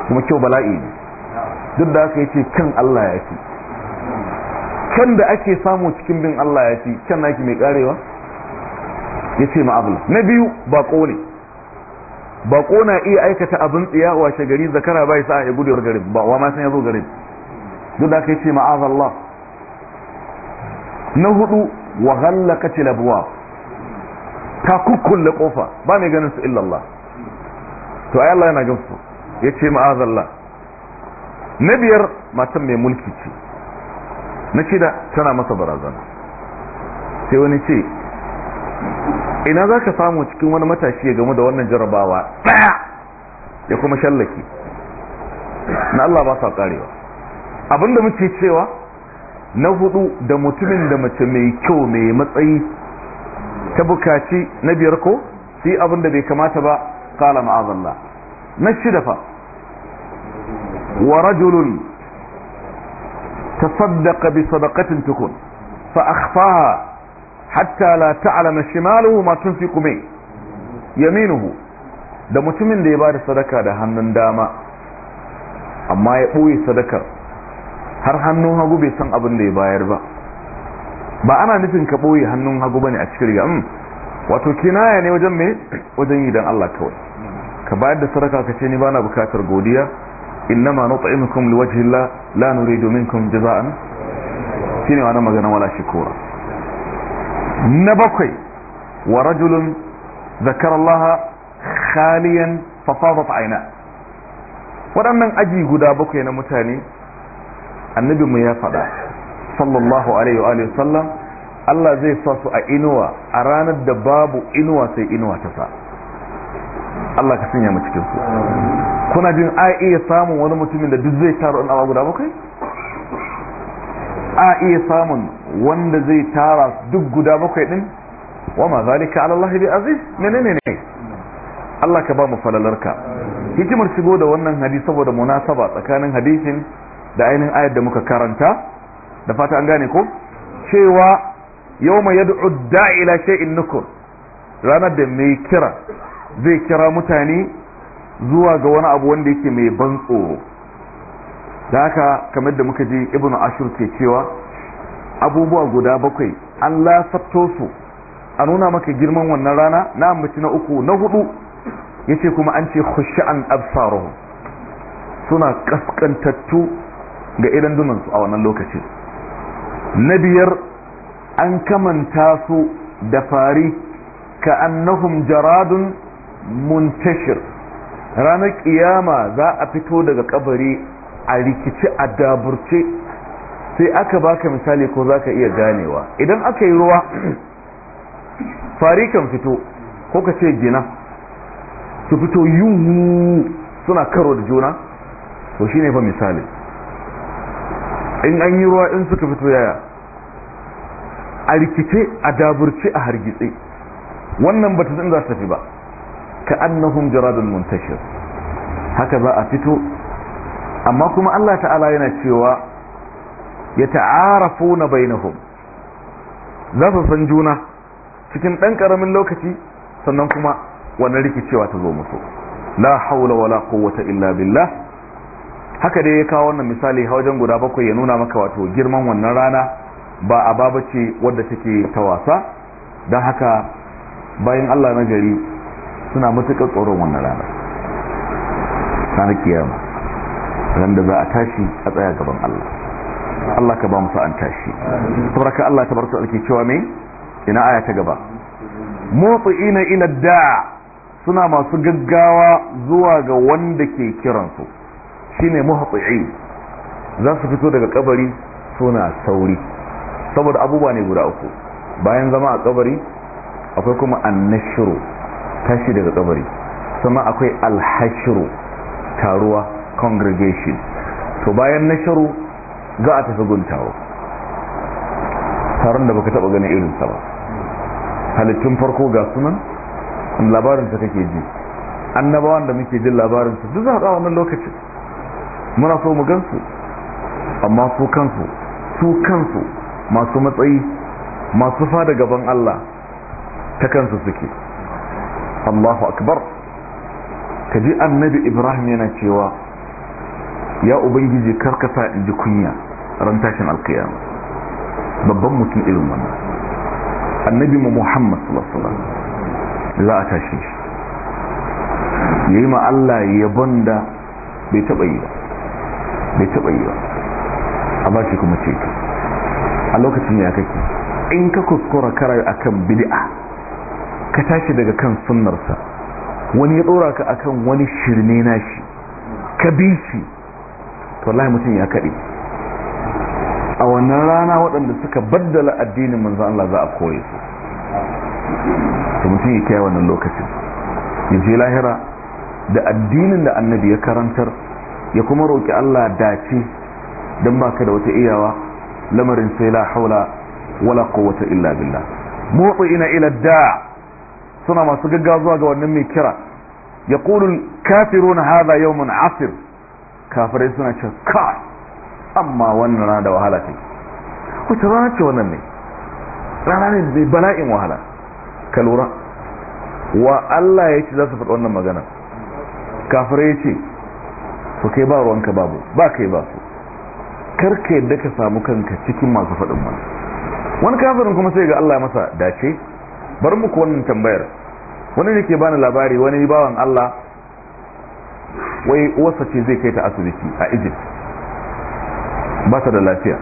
A: kuma kyau bala'i ne duk da haka ya ce kyan Allah ya fi kyan da ake samu cikin bin Allah ya fi kyan na mai karewa ya ce ma'azallah na biyu ba ne bako na iya aikata abin tsiya wa shagari zakara bai sa ya gudewar garin ba wa ma san ya zo garin duk da kai ce ma'az Allah na hudu wa ghallaqat al-abwab ta kukkulle kofa ba mai ganin su illa to ai Allah yana ya yace ma'az Allah na biyar matan mai mulki ce na shida tana masa barazana sai wani ce ina za ka samu cikin wani matashi ya gamu da wannan jarabawa ɗaya ya kuma shallake na Allah ba sa karewa abinda muke cewa na hudu da mutumin da mace mai kyau mai matsayi ta bukaci na biyar ko shi abin abinda bai kamata ba kala ma'azalla na shida fa wa rajulun tasaddaqa bi sadaqatin tukun fa akhfaha hatta la ta'lama shimaluhu ma tunfiqu min yaminuhu da mutumin da ya bada sadaka da hannun dama amma ya ɓoye sadakar har hannun hagu bai san abin da ya bayar ba ba ana nufin ka ɓoye hannun hagu bane a cikin riga mm. wato kinaya ne wajen me wajen yi Allah kawai ka bayar da sadaka ka ce ni bana bukatar godiya innama nut'imukum liwajhi Allah la nuridu minkum jaza'an shine wannan magana wala kowa. na bakwai wa rajulun zakar Allah khaliyan fafadat aina waɗannan aji guda bakwai na mutane annabi ya faɗa sallallahu alaihi wa sallam Allah zai sa su a inuwa a ranar da babu inuwa sai inuwa ta sa Allah ka sanya mu cikin su kuna jin a iya samun wani mutumin da duk zai taro in awa guda bakwai a iya samun wanda zai tara duk guda bakwai din wa ma zalika ala Allah bi aziz menene ne Allah ka ba mu falalarka hikimar shigo da wannan hadisi saboda munasaba tsakanin hadisin da ainihin ayar da muka karanta da fata an gane ko cewa yawma yad'u da'i ila shay'in nukur ranar da mai kira zai kira mutane zuwa ga wani abu wanda yake mai ban tsoro da haka kamar da muka ji ibnu ashur ke cewa abubuwa guda bakwai an lasafto su a nuna maka girman wannan rana na mace na uku na hudu ya ce kuma an ce an absaruhum suna kaskantattu ga idan dunansu a wannan lokacin na biyar an kamanta su da fari ka annahum jaradun muntashir ranar kiyama za a fito daga kabari a rikici a daburce sai aka baka misali ko zaka iya ganewa idan aka yi ruwa fari kan fito ko ka ce gina su fito yunhu suna karo da juna to shine fa misali in an yi ruwa in suka fito yaya a rikice a daburce a hargitse wannan bata zan za su tafi ba ka annahum jaradun muntashir haka za a fito amma kuma Allah ta'ala yana cewa ya ta'arafu na bainahum za su san juna cikin ɗan ƙaramin lokaci sannan kuma wani rikicewa ta zo musu la haula wala quwwata illa billah haka dai ya kawo wannan misali wajen guda bakwai ya nuna maka wato girman wannan rana ba a baba ce wadda take ta wasa don haka bayan Allah na gari suna matuƙar tsoron wannan rana sana kiyama ran da za a tashi a tsaya gaban Allah Allah ka ba mu sa'an tashi saboda Allah ta barka alki cewa me ina aya ta gaba mutsiina ila da suna masu gaggawa zuwa ga wanda ke kiransu shine muhati'i za su fito daga kabari suna sauri saboda abubuwa ne guda uku bayan zama a kabari akwai kuma annashru tashi daga kabari sama akwai alhashru taruwa congregation to bayan nasharu. za a tafi guntawo taron da baka taba ganin irinsa ba halittun farko ga sunan labarinsa kake ji annabawan da muke jin labarinsa duk za a wannan lokacin muna so mu gansu amma su kansu su kansu masu matsayi masu fada gaban Allah ta kansu suke Allahu akbar kaji annabi Ibrahim yana cewa ya ubangiji karkasa in ji kunya ran tashin alkiyama babban mutum irin wannan annabi mu muhammad sallallahu alaihi za a tashi shi yayi ma Allah ya da bai taba yi ba bai taba yi ba a ba shi kuma ceto a lokacin ya kake in ka kuskura karayu akan bid'a ka tashi daga kan sunnarsa wani ya dora ka akan wani shirme nashi? ka bi shi to mutum ya kaɗe a wannan rana waɗanda suka baddala addinin manzo Allah za a kore su to mutum ya kiyaye wannan lokacin ya je lahira da addinin da annabi ya karantar ya kuma roƙi Allah dace dan baka da wata iyawa lamarin sai la haula wala quwwata illa billah motsi ina ila da suna masu gaggawa zuwa ga wannan mai kira yaqulu kafiruna hadha yawmun asir kafirai suna ce kai amma wannan rana da wahala ce wata rana ce wannan ne rana ne zai bala'in wahala ka lura wa Allah ya ce za su faɗi wannan magana kafirai ya ce su kai ba ruwanka babu ba kai ba su karka yadda ka samu kanka cikin masu faɗin wani wani kafirin kuma sai ga Allah masa dace bar muku wannan tambayar wani ne ke bani labari wani bawan Allah wai uwarsa ce zai kai ta asibiti a egypt ba ta da lafiya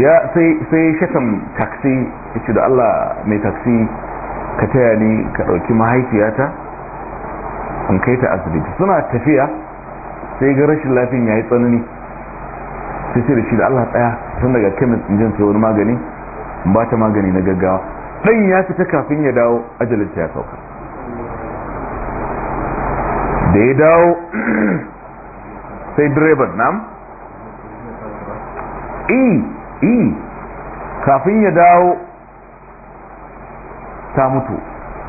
A: ya sai shakan taksi ce da allah mai taksi ka taya ni ka ɗauki mahaifiyata an kai ta asibiti suna tafiya sai ga rashin lafiyan ya yi tsanani sai sai da shi da allah tsaya tun daga kemis injin sai wani magani ba ta magani na gaggawa ɗan ya fita kafin ya dawo ajalinta ya sauka da ya dawo sai direban nam i e, i e, kafin ya dawo ta mutu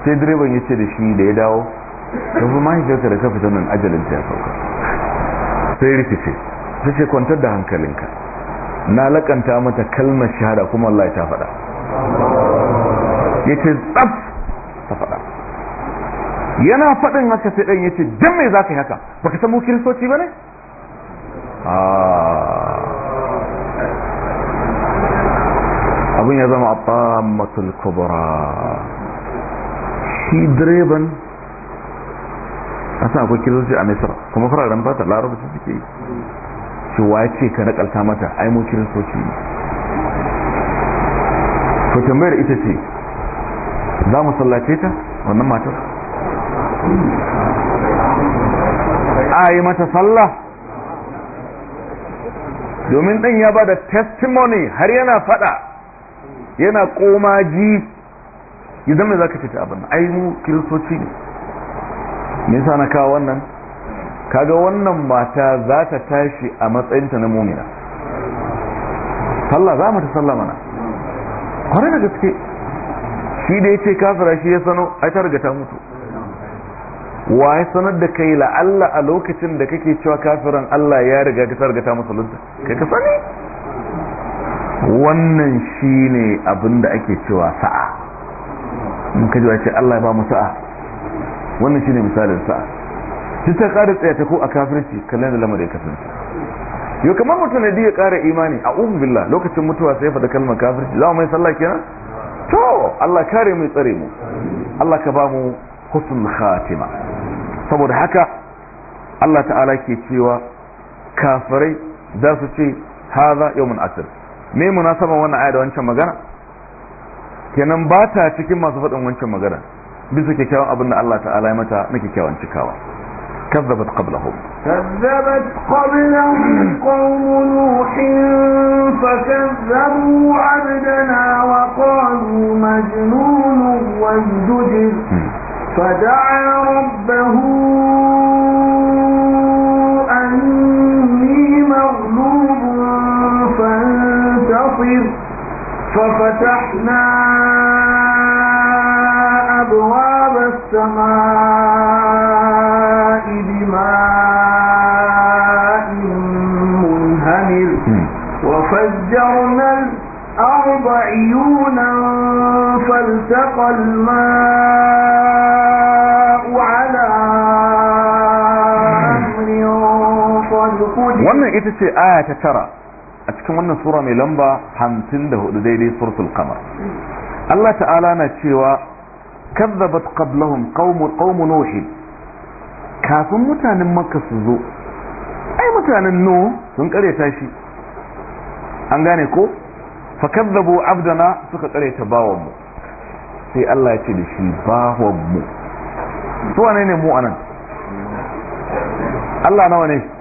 A: sai direban ya ce da shi da ya dawo kafin mahaifiyarka da kafin fita nan ta ya sauka sai rikice ta ce kwantar da hankalinka na lakanta mata kalmar shahada kuma Allah ya ta faɗa ya ce tsaf yana faɗin haka sai ɗan yace dan me zaka yi haka baka san mu kiristoci bane ah. abin ya zama atamatul kubra shi direban asan akwai kiristoci a misra kuma fararen fata larabci suke yi shi wace ka nakalta mata ai mu kiristoci to tambayar ita ce za mu sallace ta wannan matar a yi mata sallah domin ɗin ya ba da testimony har yana fada yana koma ji zama za ka ce ta abin ai mu kiristoci ne nisa na kawo wannan kaga wannan mata za ta tashi a matsayinta na mumina sallah za mu ta sallah mana kwanar da gaske shi da yace ce kafira shi ya sano ai ta riga ta mutu wa ya sanar da kai la'alla a lokacin da kake cewa kafiran Allah ya riga ka sarga ta musulunta kai ka sani wannan shine abin da ake cewa sa'a in ka ce Allah ya ba mu sa'a wannan shine misalin sa'a shi ta kada tsaya ta ko a kafirci kallon da lamarin ka kasance yau kamar mutum da ya kare imani a ummu billah lokacin mutuwa sai ya faɗa kalmar kafirci za mu mai sallah kenan to Allah kare mu tsare mu Allah ka ba mu husnul khatima saboda haka Allah ta'ala ke cewa kafirai za su ce haza yawmun asir me munasaban wannan aya da wancan magana kenan ba ta cikin masu faɗin wancan magana bisa kyakkyawan abin da Allah ta'ala ya mata na kyakkyawan cikawa كذبت قبلهم
B: كذبت قبلهم قوم نوح فكذبوا عبدنا وقالوا مجنون وازدجر فدعا ربه أني مغلوب فانتصر ففتحنا أبواب السماء بماء منهمر وفجرنا الأرض عيونا فالتقى الماء
A: wannan ita ce aya ta tara a cikin wannan sura mai lamba hamsin da hudu daidai suratul kamar Allah ta'ala na cewa kazzabat qablahum qaumu qaumu nuhi kafin mutanen makka su zo ai mutanen nu sun kareta shi an gane ko fa kazzabu abdana suka kareta bawan mu sai Allah ya ce da shi bawan mu to ne mu anan Allah nawa ne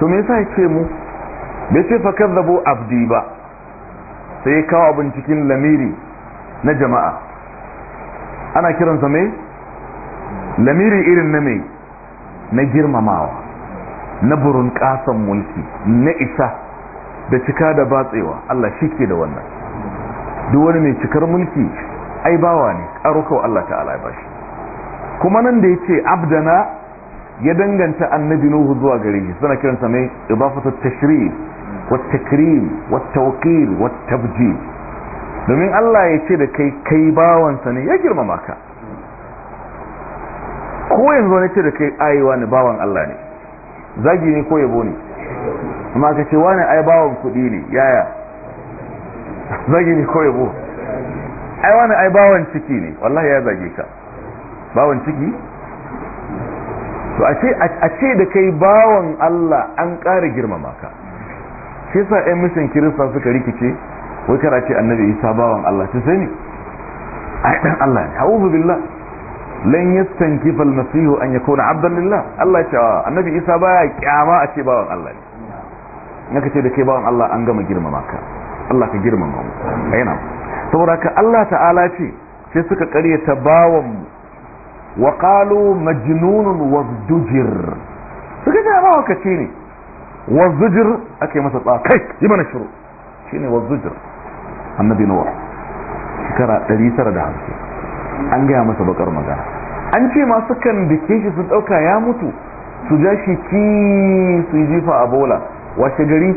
A: to me yasa ce mu bai ce fa kazzabu abdi ba sai ya kawo abin cikin lamiri na jama'a ana kiransa mai lamiri irin na mai na girmamawa na burin kasan mulki na isa da cika da batsewa Allah shi ke da wannan duk wani mai cikar mulki ai bawa ne karo kawai Allah ta'ala ya bashi kuma nan da ya ce abdana ya danganta annabi nuhu zuwa gare shi suna kiransa mai idafatu tashrif wa takrim wa tawqir wa tabjid domin Allah ya ce da kai kai bawansa ne ya girmama ka ko yanzu wani ce da kai ayewa ne bawan Allah ne zagi ne ko yabo ne amma ka ce wani ai bawan kuɗi ne yaya zagi ne ko yabo ai wani ai bawan ciki ne wallahi ya zage ka bawan ciki to a ce da kai bawan Allah an ƙara girmama ka shi sa ɗan mishin kirista suka rikice wai kana ce annabi isa bawan Allah ta sani ai dan Allah ne a'udhu billah lan yastan kifal masihu an yakuna 'abdan lillah Allah ya ce ah, annabi isa baya kyama a ce bawan Allah ne ka ce da kai bawan Allah an gama girmama ka Allah ka girmama mu ayyana saboda ka Allah ta'ala ce sai suka ƙaryata bawan wa qalu majnunun suka ce ba wakaci ne wazdujir ake masa tsawa kai yi mana shiru shine wazdujir annabi nuwa shekara 950 an gaya masa bakar magana an ce masu kan dake shi sun dauka ya mutu su ja shi ki su jifa a bola washe gari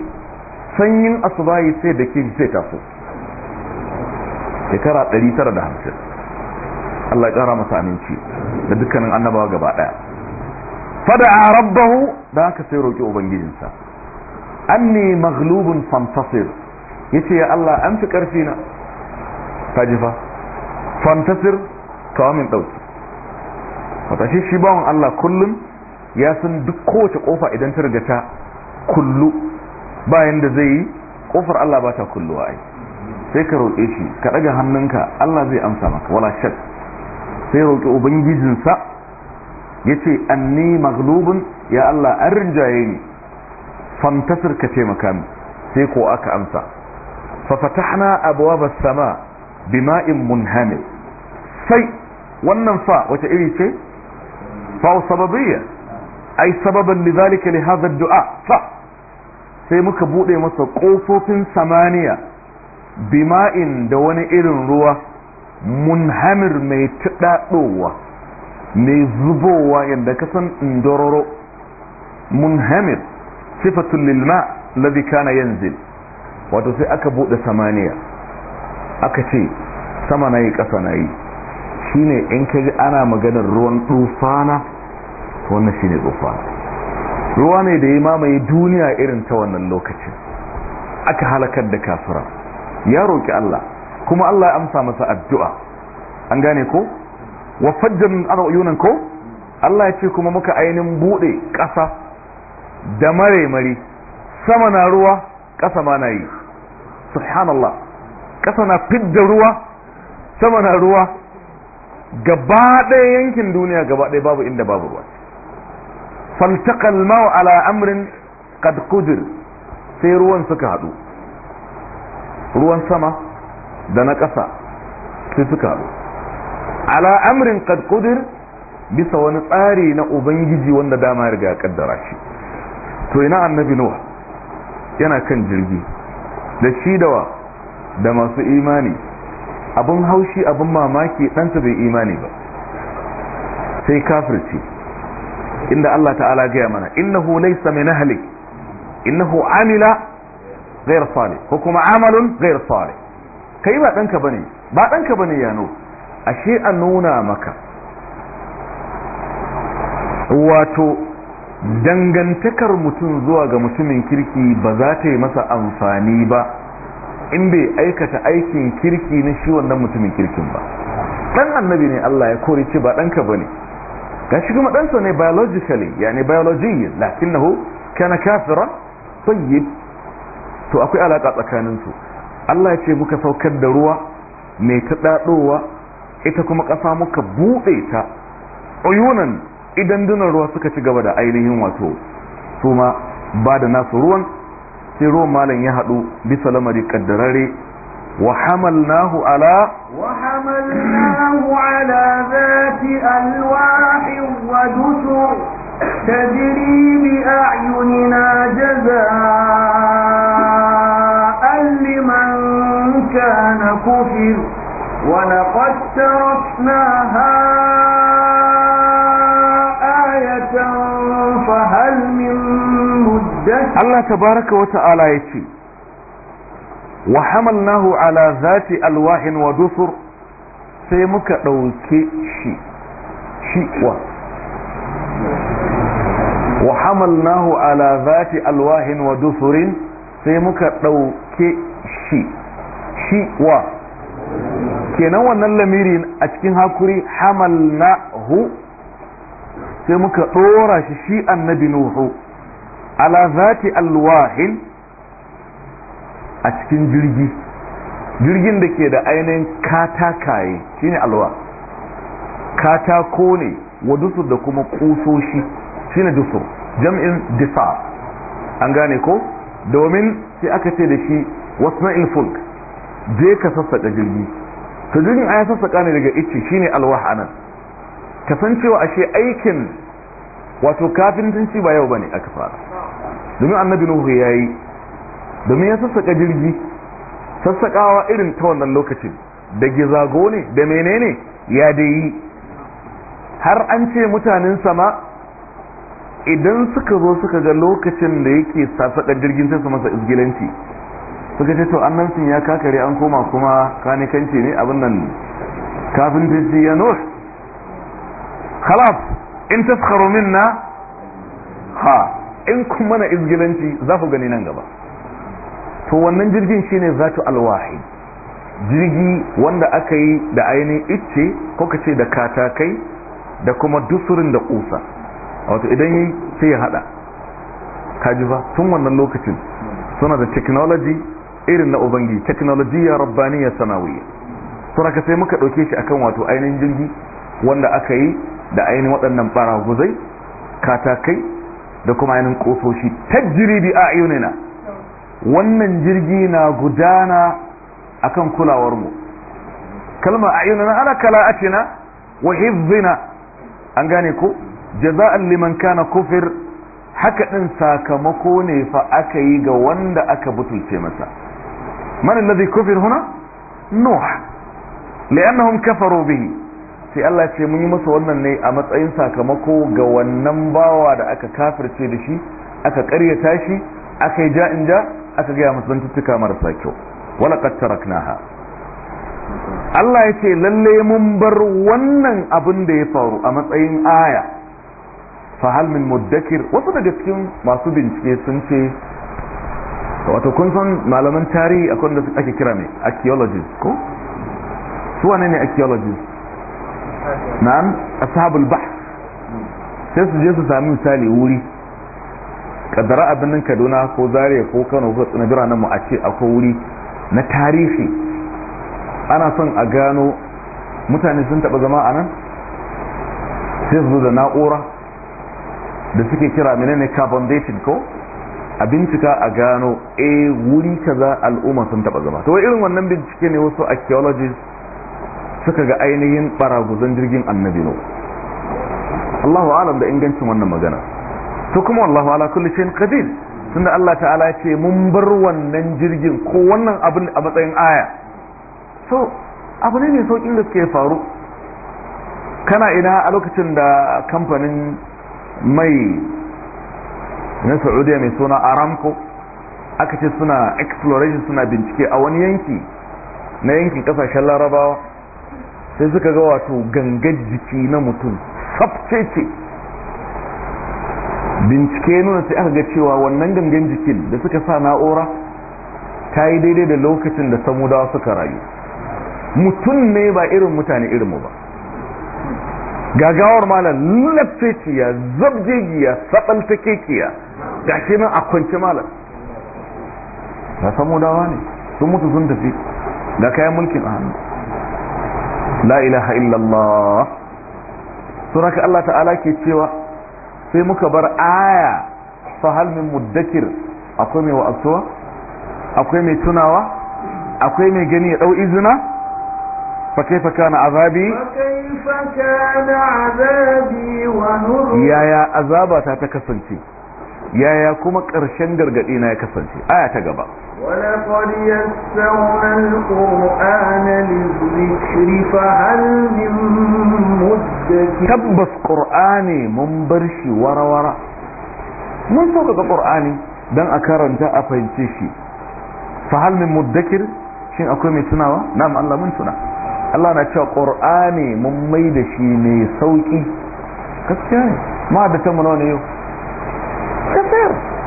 A: sanyin asubahi sai da ke sai taso shekara 950 Allah ya kara masa aminci da dukkanin annabawa gaba daya a rabbahu da haka sai roki ubangijinsa anni maghlubun fantasir yace ya Allah an fi karfi na tajifa fantasir kawo min dauki wata shi shi bawon Allah kullum ya san duk kowace ƙofa idan ta riga kullu bayan da zai yi ƙofar Allah ba ta kulluwa ai sai ka roƙe shi ka ɗaga hannunka Allah zai amsa maka wala shak sai roƙi ubangijinsa ya ce anni maglubin ya Allah an rinjaye ni fantasir ka ce makami sai ko aka amsa fafatahna abwaba sama bima'in munhamil sai wannan fa wace iri ce fa sababiyya ai sababan lidhalika li hadha dua fa sai muka bude masa kofofin samaniya bima'in da wani irin ruwa munhamir mai tuɗaɗowa mai zubowa yadda kasan indororo munhamir sifatun lilma ladhi kana yanzil wato sai aka buɗe samaniya aka ce sama na yi ƙasa na yi shine in ka ana maganar ruwan tsufana wannan shi ne tsufana ruwa ne da ya mamaye duniya irin ta wannan lokacin aka halakar da kafira ya roki Allah kuma Allah ya amsa masa addu'a an gane ko wa fajja min aruyunan ko Allah ya ce kuma muka ainin bude ƙasa da mare mare sama na ruwa ƙasa ma na yi subhanallah ƙasa na fidda ruwa sama na ruwa gaba ɗaya yankin duniya gaba ɗaya babu inda babu ruwa faltaqal ma'u ala amrin qad qudir sai ruwan suka haɗu ruwan sama da na ƙasa sai suka ala amrin qad qudir bisa wani tsari na ubangiji wanda dama ya riga kaddara shi to ina annabi nuwa yana kan jirgi da shi dawa da masu imani abin haushi abin mamaki ɗansa bai imani ba sai kafirci inda Allah ta'ala gaya mana innahu laysa min ahli innahu amila ghayr salih ko kuma amalun ghayr salih kai ba ɗanka ba ne ba ɗanka ba ne yano ashe a nuna maka wato dangantakar mutum zuwa ga mutumin kirki ba za ta yi masa amfani ba in bai aikata aikin kirki na shi wannan mutumin kirkin ba ɗan annabi ne Allah ya kori ce ba ɗanka ba ne gashi kuma ɗansa ne biologically yani biology lakinnahu kana kafiran tayyib to akwai alaƙa tsakaninsu Allah ya ce muka saukar da ruwa mai ta ita kuma ƙasa muka buɗe ta uyunan idan dunan ruwa suka ci gaba da ainihin wato su ma ba da nasu ruwan sai ruwan malam ya haɗu bisa lamari ƙaddarare wa hamalnahu ala wa
B: hamalnahu ala zati alwahin wa dusur tajri bi a'yunina jazaa كان كفر ولقد تركناها آية فهل من
A: مدة الله تبارك وتعالى يتي وحملناه على ذات ألواح ودسر سيمك دوكي شي شي و وحملناه على ذات ألواح ودسر سيمك دوكي shi shi wa kenan wannan lamiri a cikin hakuri hu sai muka dora shi shi annabi nuhu ala zati alwahil a cikin jirgi jirgin da ke da ainihin katakaye shine alwa katako ne wa dusur da kuma kusoshi shine dusur jam'in difa an gane ko domin sai aka ce da shi wasu na fulk je ka sassaƙa jirgi ta jirgin a ya sassaƙa ne daga ice shine alwah anan kasancewa ashe aikin wato kafin kafintanci ba yau bane aka fara domin annabi nuhu ya yi domin ya sassaƙa jirgi sassaƙawa irin ta wannan lokacin da gizago ne da menene ya dai yi har an ce mutanen sama idan suka zo suka ga lokacin da yake sassaƙa jirgin sai su masa izgilanci suka ce to annabcin ya kakare an koma kuma kanci ne abin nan Kafin kafintanci ya nur khalas in taskharu minna ha in kun mana izgilanci za ku gani nan gaba to wannan jirgin shine zatu alwahi. jirgi wanda aka yi da ainihin icce ko ka da katakai da kuma dusurin da kusa wato idan yi sai ya hada kaji ba tun wannan lokacin suna da technology irin na ubangi teknolojiya rabbaniya samawiya suraka sai muka ɗauke shi akan wato ainihin jirgi wanda aka yi da ainihin waɗannan ɓaraguzai katakai da kuma ainihin ƙososhi tajribi a ayunina wannan jirgi na gudana akan kulawarmu kalma ayunina ana kala'atina wa hifzina an gane ko jaza'an liman kana kufir haka ɗin sakamako ne fa aka yi ga wanda aka butulce masa من الذي كفر هنا نوح لأنهم كفروا به sai Allah ce mun yi masa wannan ne a matsayin sakamako ga wannan bawa da aka kafirce da shi aka karyata shi aka yi in ja aka gaya masu zantuttuka marasa kyau wala taraknaha Allah ya ce lalle mun bar wannan abin da ya faru a matsayin aya hal min muddakir wasu daga cikin masu bincike sun ce wato kun san malaman tarihi a akwai da ake kira ne archaeologists ko su wane ne archaeologists na'am ashabul bahth sai su je su sami misali wuri kadara a birnin kaduna ko zaria ko kano ko tsina biranen mu a ce akwai wuri na tarihi ana son a gano mutane sun taɓa zama a nan sai su da na'ura da suke kira menene carbon dating ko a bincika a gano eh wuri kaza al'umma sun taba zama to irin wannan bincike ne wasu archaeologists suka ga ainihin baraguzan jirgin annabi no Allahu alam da ingancin wannan magana to kuma wallahu ala kulli shay'in qadir tunda Allah ta'ala ya ce mun bar wannan jirgin ko wannan abin a matsayin aya so abu ne mai saukin da suke faru kana ina a lokacin da kamfanin mai na saudiya mai suna aramco aka ce suna exploration suna bincike a wani yanki na yankin kasashen larabawa sai suka ga wato gangar jiki na mutum sabcece bincike nuna sai aka ga cewa wannan gangan jikin da suka sa na'ura ta yi daidai da lokacin da samudawa suka rayu mutum ne ba irin mutane irinmu ba gagawar malam lafceciya zabjegiya saɓaltakekiya ga nan a kwance malam na samu dawa ne sun mutu sun tafi da kayan mulkin a hannu la ilaha illallah suraka Allah ta'ala ke cewa sai muka bar aya hal min muddakir akwai mai wa'azuwa akwai mai tunawa akwai mai gani ya dau izina fa kaifa kana azabi
B: kaifa kana azabi wa
A: yaya azaba ta ta kasance yaya kuma ƙarshen gargaɗi na ya kasance aya ta gaba
B: ولقد يسرنا
A: القرآن للذكر فهل من مدكر تبس قرآني من برشي ورا ورا mun sauƙaƙa ƙur'ani don a karanta a fahimce shi fahal min muddakir shin akwai mai tunawa na'am Allah mun tuna Allah na cewa ƙur'ani mun mai da shi mai sauƙi gaskiya ne ma da ta nawa ne yau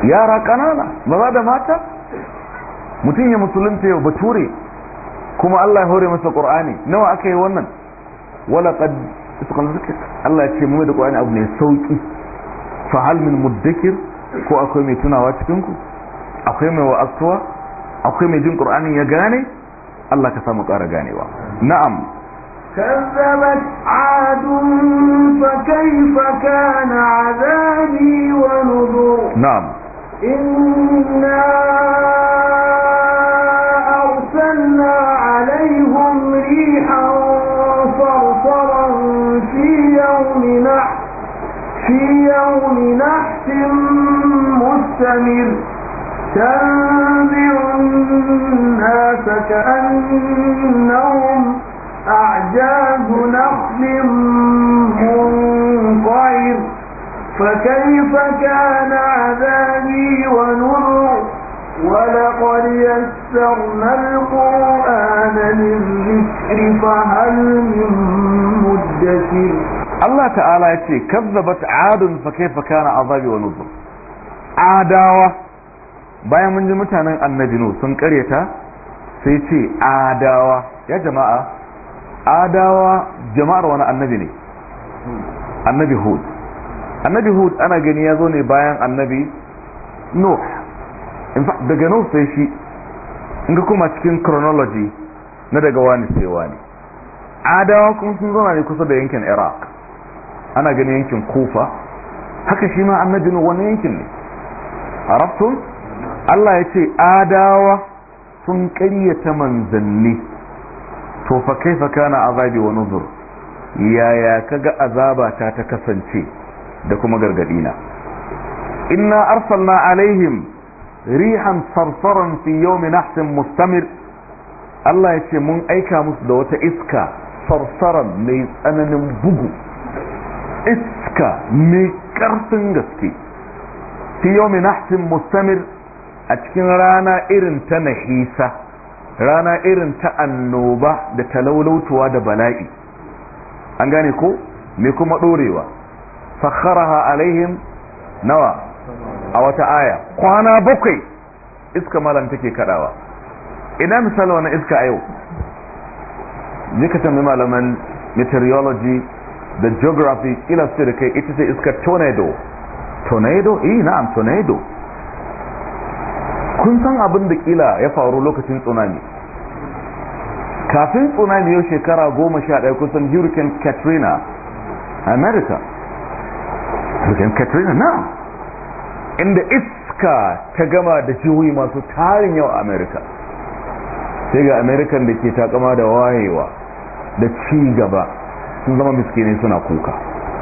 A: yara kanana maza da mata mutum ya musulunta yau bature kuma Allah ya hore masa qur'ani nawa aka yi wannan wala qad Allah ya ce mu da qur'ani abu ne sauki fa hal min muddakir ko akwai mai tunawa cikin ku akwai mai wa'azuwa akwai mai jin qur'ani ya gane Allah ka samu ƙara ganewa na'am
B: كذبت عاد فكيف كان عذابي ونذر نعم إنا أرسلنا عليهم ريحا صرصرا في يوم نحس مستمر تنبع الناس كأنهم أعجاز نخل منقعر فكيف كان عذابي ونذر ولقد يسرنا القرآن
A: للذكر فهل من مدكر الله تعالى يتي كذبت عاد فكيف كان عذابي ونذر عداوة bayan mun ji mutanen annabi nu sun karyata sai ce adawa ya jama'a adawa jama'ar wani annabi ne annabi hud annabi hud ana gani ya zo ne bayan annabi nuh in fa daga nuh sai shi in ga kuma cikin chronology na daga wani sai wani adawa kuma sun zauna ne kusa da yankin iraq ana gani yankin kufa haka shi ma annabi nuh wani yankin ne arabtum Allah ya ce adawa sun ƙaryata manzanni to fa kaifa kana azabi wa nuzur yaya kaga azaba ta ta kasance da kuma na. inna arsalna alaihim rihan sarsaran fi yawmi nahsin mustamir Allah ya ce mun aika musu da wata iska sarsaran mai tsananin bugu iska mai karfin gaske fi yawmi nahsin mustamir a cikin rana irin ta nahisa rana irin ta annoba da talaulautuwa da bala'i an gane ko me kuma dorewa sakharaha alaihim nawa a wata aya kwana bakwai iska malam take kadawa ina misali wannan iska a yau je ka tambayi malaman meteorology da geography kila su da kai ita ce iska tornado tornado eh na'am tornado kun san abin da kila ya faru lokacin tsunami kafin tsunami yau shekara goma sha ɗaya kusan hurricane katrina america hurricane katrina na inda iska ta gama da jihohi masu tarin yau america sai ga american da ke takama da wayewa da ci gaba sun zama miskinai suna kuka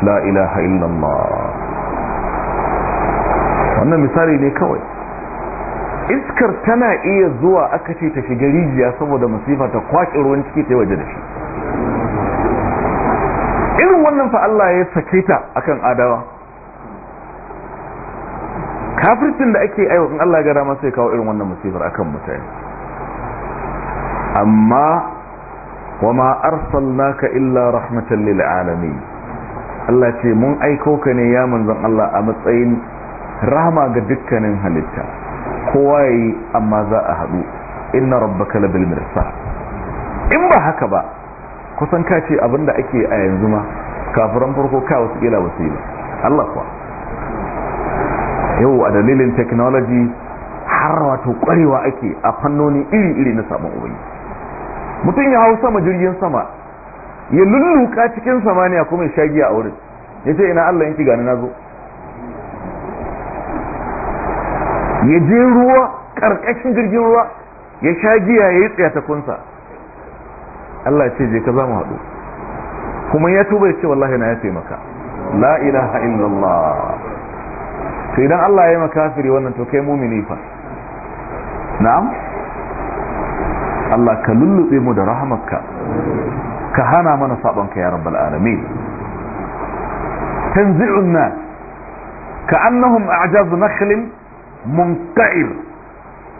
A: la ilaha illallah wannan misali ne kawai iskar tana iya zuwa aka ce ta shiga rijiya saboda masifa ta kwaƙi ruwan ciki ta waje da shi irin wannan fa Allah ya sake ta akan adawa kafircin da ake in Allah gara masu ya kawo irin wannan musifar akan mutane amma wa wama arsalnaka illa rahmatan lil alamin Allah ce mun aiko ka ne ya manzon Allah a matsayin rahama ga dukkanin halitta kowa yayi amma za a haɗu inna rabbaka labil mirsa in ba haka ba kusan kace ce abinda ake a yanzu ma kafiran farko ka wasu ila wasila Allah kuwa yau a dalilin technology har wato kwarewa ake a fannoni iri-iri na samun ubangi mutum ya hau sama jirgin sama ya lulluka cikin samaniya kuma ya shagiya a wurin ya ce ina allah yanki gani na zo ya je ruwa karkashin jirgin ruwa ya shagiya ya yi tsayatakunsa allah ce je ka za mu haɗu kuma ya tuba ya ce wallahi na ya taimaka la ilaha illallah to idan Allah ya yi makafiri wannan to kai mumini fa na'am Allah ka lullube mu da rahamarka ka hana mana sabanka ya rabbal alamin tanzi'un nas ka'annahum a'jaz nakhlin munqa'ir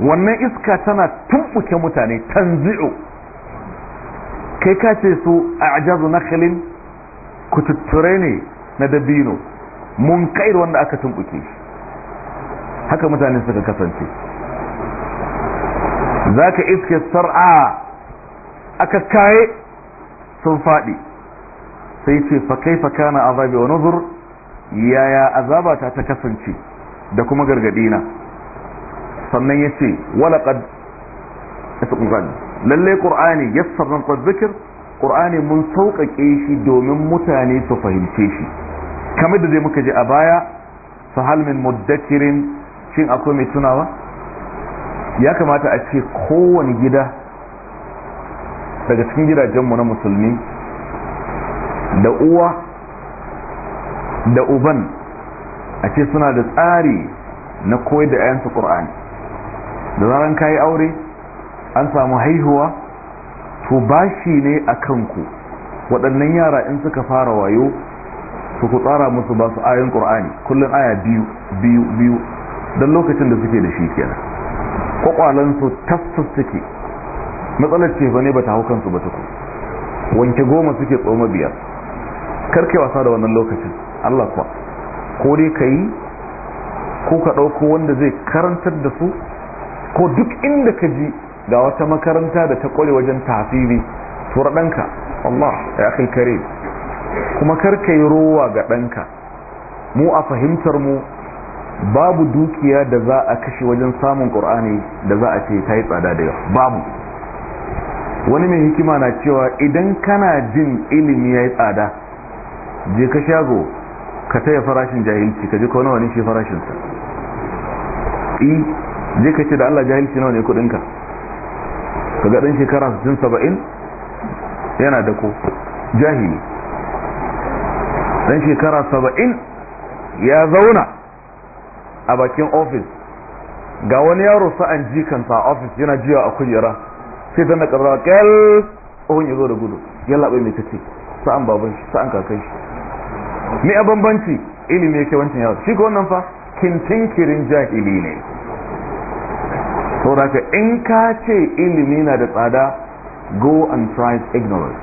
A: wannan iska tana tumbuke mutane tanzi'u kai ka ce su a'jaz nakhlin kututture ne na dabino ka'ir wanda aka tumbuke shi haka mutane suka kasance za ka iske sar'a aka kaye sun faɗi sai ce fakai kai azabi wa nuzur yaya azabata ta kasance da kuma na sannan ya ce walaƙad lallai ƙur'ani ya sarnan zikir ƙur'ani mun sauƙaƙe shi domin mutane su fahimce shi kamar da zai muka ji a baya fahal min muddakirin shin akwai mai tunawa ya kamata a ce kowane gida daga cikin gidajenmu na musulmi da uwa da uban a ce suna da tsari na koyar da 'ya'yansu ƙur'ani da zaran kayi aure an samu haihuwa to bashi ne a kanku waɗannan yara in suka fara wayo to ku tsara musu ba su ayin ƙur'ani kullum aya biyu biyu biyu don lokacin da suke da shi kenan kwakwalansu tafsus suke matsalar ce bane ba ta hau kansu ba ta ku wanke goma suke tsoma biyar karke wasa da wannan lokacin allah kuwa ko dai ka yi ko ka ɗauko wanda zai karantar da su ko duk inda ka ji ga wata makaranta da ta kware wajen tasiri, tura ɗanka allah ya kai kare kuma karka yi rowa ga ɗanka mu a fahimtar mu babu dukiya da za a kashe wajen samun ƙorani da za a ce ta yi tsada da yawa babu wani mai hikima na cewa idan kana jin ilimi ya yi tsada je ka shago ka taya farashin jahilci ka ji ko nawa ne shi farashinsa in e, je ka ce da Allah jahilci nawa ne kudinka ka ga dan shekara saba'in yana da ko jahili dan shekara 70 ya zauna a bakin ofis ga wani yaro sa'an jikanta a ofis yana jiya a kujera sai zan da ƙarfa ƙyal tsohon ya zo da gudu ya laɓe mai ce sa'an baban shi sa'an kakai shi ni a bambanci ilimi yake wancan yaro shi ko wannan fa kirin jahili ne saboda in ka ce ilimi na da tsada go and to ignorance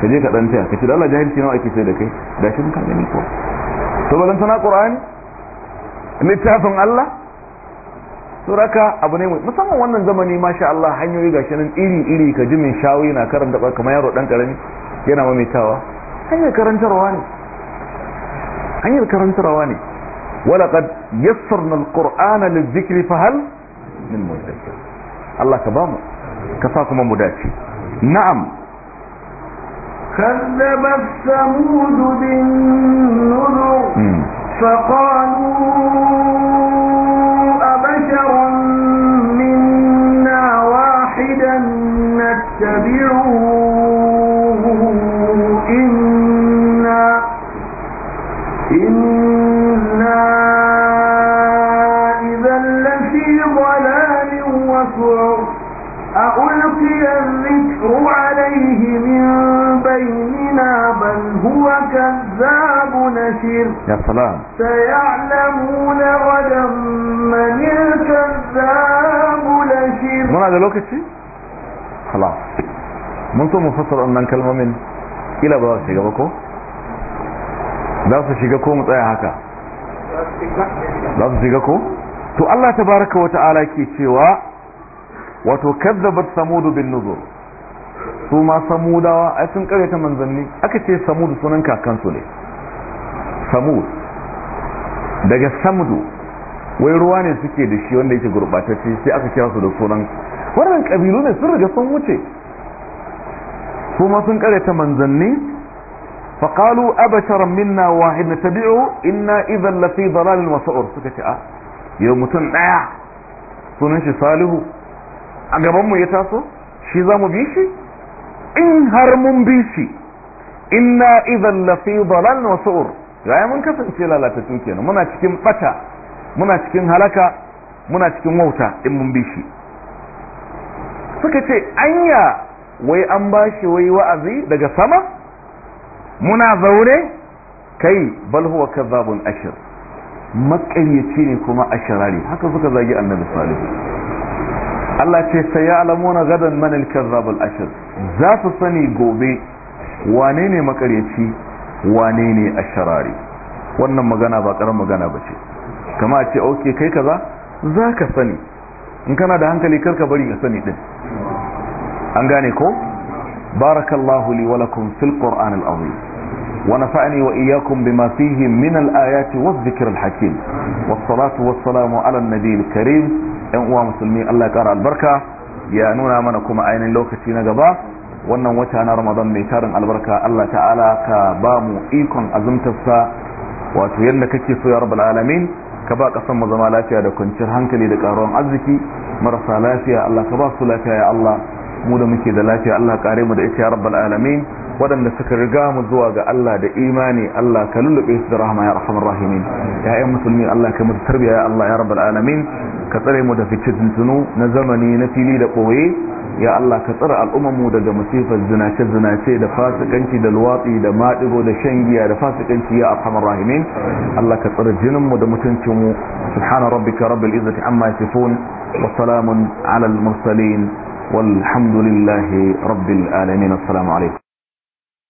A: ka je ka ɗan taya ka ce da Allah jahilci nawa ake sai da kai da shi ka gani ko to zan sana ƙur'ani littafin Allah suraka abu ne musamman wannan zamani masha Allah hanyoyi gashi nan iri-iri ka ji mai shawo yana karanta ba kamar yaro dan karami yana mamaitawa hanyar karantarwa ne hanyar karantarwa ne walaqad yassarna alqur'ana lizikri fahal min mudakkir Allah ka bamu ka sa kuma mu dace na'am
B: كذبت
A: ثمود
B: بالنذر فقالوا أبشرا منا واحدا نتبعه إنا, إنا إذا لفي ضلال أألقي الذكر عليه من بيننا بل هو كذاب نشر يا سلام سيعلمون غدا من الكذاب نشر من
A: هذا لوكتي خلاص mun so mu fassara wannan kalmomin kila ba za su shiga ba ko za su shiga ko mu tsaya haka za su shiga ko to Allah baraka wa ta'ala ke cewa wato kazzabat samudu bin su ma samudawa ai sun ta manzanni aka ce samud sunan kakansu ne samud daga samudu wai ruwa ne suke da shi wanda yake gurbatacce sai aka kira su da sunan wannan kabilu ne sun riga sun wuce su ma sun ta manzanni فقالوا أبشرا منا suka ce a ah, Yau mutum ɗaya sunan shi Salihu a gaban mu ya taso? Shi zamu bi shi? in har mun bi shi inna idan lafi balan wa su'ur yaya mun kasance lalatattu kenan muna cikin bata muna cikin halaka muna cikin wauta in mun bi shi suka ce anya wai an ba shi wai wa'azi daga sama muna zaune kai bal huwa kazzabun ashir makaryaci ne kuma ashirari haka suka zagi annabi salihu Allah ce sai ya alamuna gadan manil kazzabul ashir za su sani gobe wane ne makaryaci wane ne a sharari wannan magana ba karar magana ba ce kama a ce ok kai kaza za ka sani in kana da hankali karka bari ka sani din an gane ko barakallahu li walakum fil qur'an al-azim wa nafa'ani wa iyyakum bima fihi min al-ayati wadh-dhikr al-hakim was-salatu was-salamu ala an-nabiy al-karim ɗan uwa musulmi Allah ya ƙara albarka ya nuna mana kuma ainihin lokaci na gaba wannan wata na ramadan mai tarin albarka Allah ta'ala ka ba mu ikon azumtarsa wato yadda kake so ya rabbal alamin ka ba kasan mu zama lafiya da kwanciyar hankali da karuwan arziki marasa lafiya Allah ka ba su lafiya ya Allah mu da muke da lafiya Allah kare mu da ita ya rabbal alamin waɗanda suka riga mu zuwa ga Allah da imani Allah ka lullube su da rahama ya rahman rahimin ya ayyan musulmi Allah ka musu tarbiya ya Allah ya rabbal alamin ka tsare mu da tunu na zamani na fili da ɓoye ya Allah ka tsare al'ummar mu daga musifar zinace zinace da fasikanci da luwatsi da maɗigo da shan giya da fasikanci ya arhamar rahimin Allah ka tsare jinin mu da mutuncin mu subhana rabbika rabbil izzati amma yasifun wa salamun ala al mursalin والحمد لله رب العالمين السلام عليكم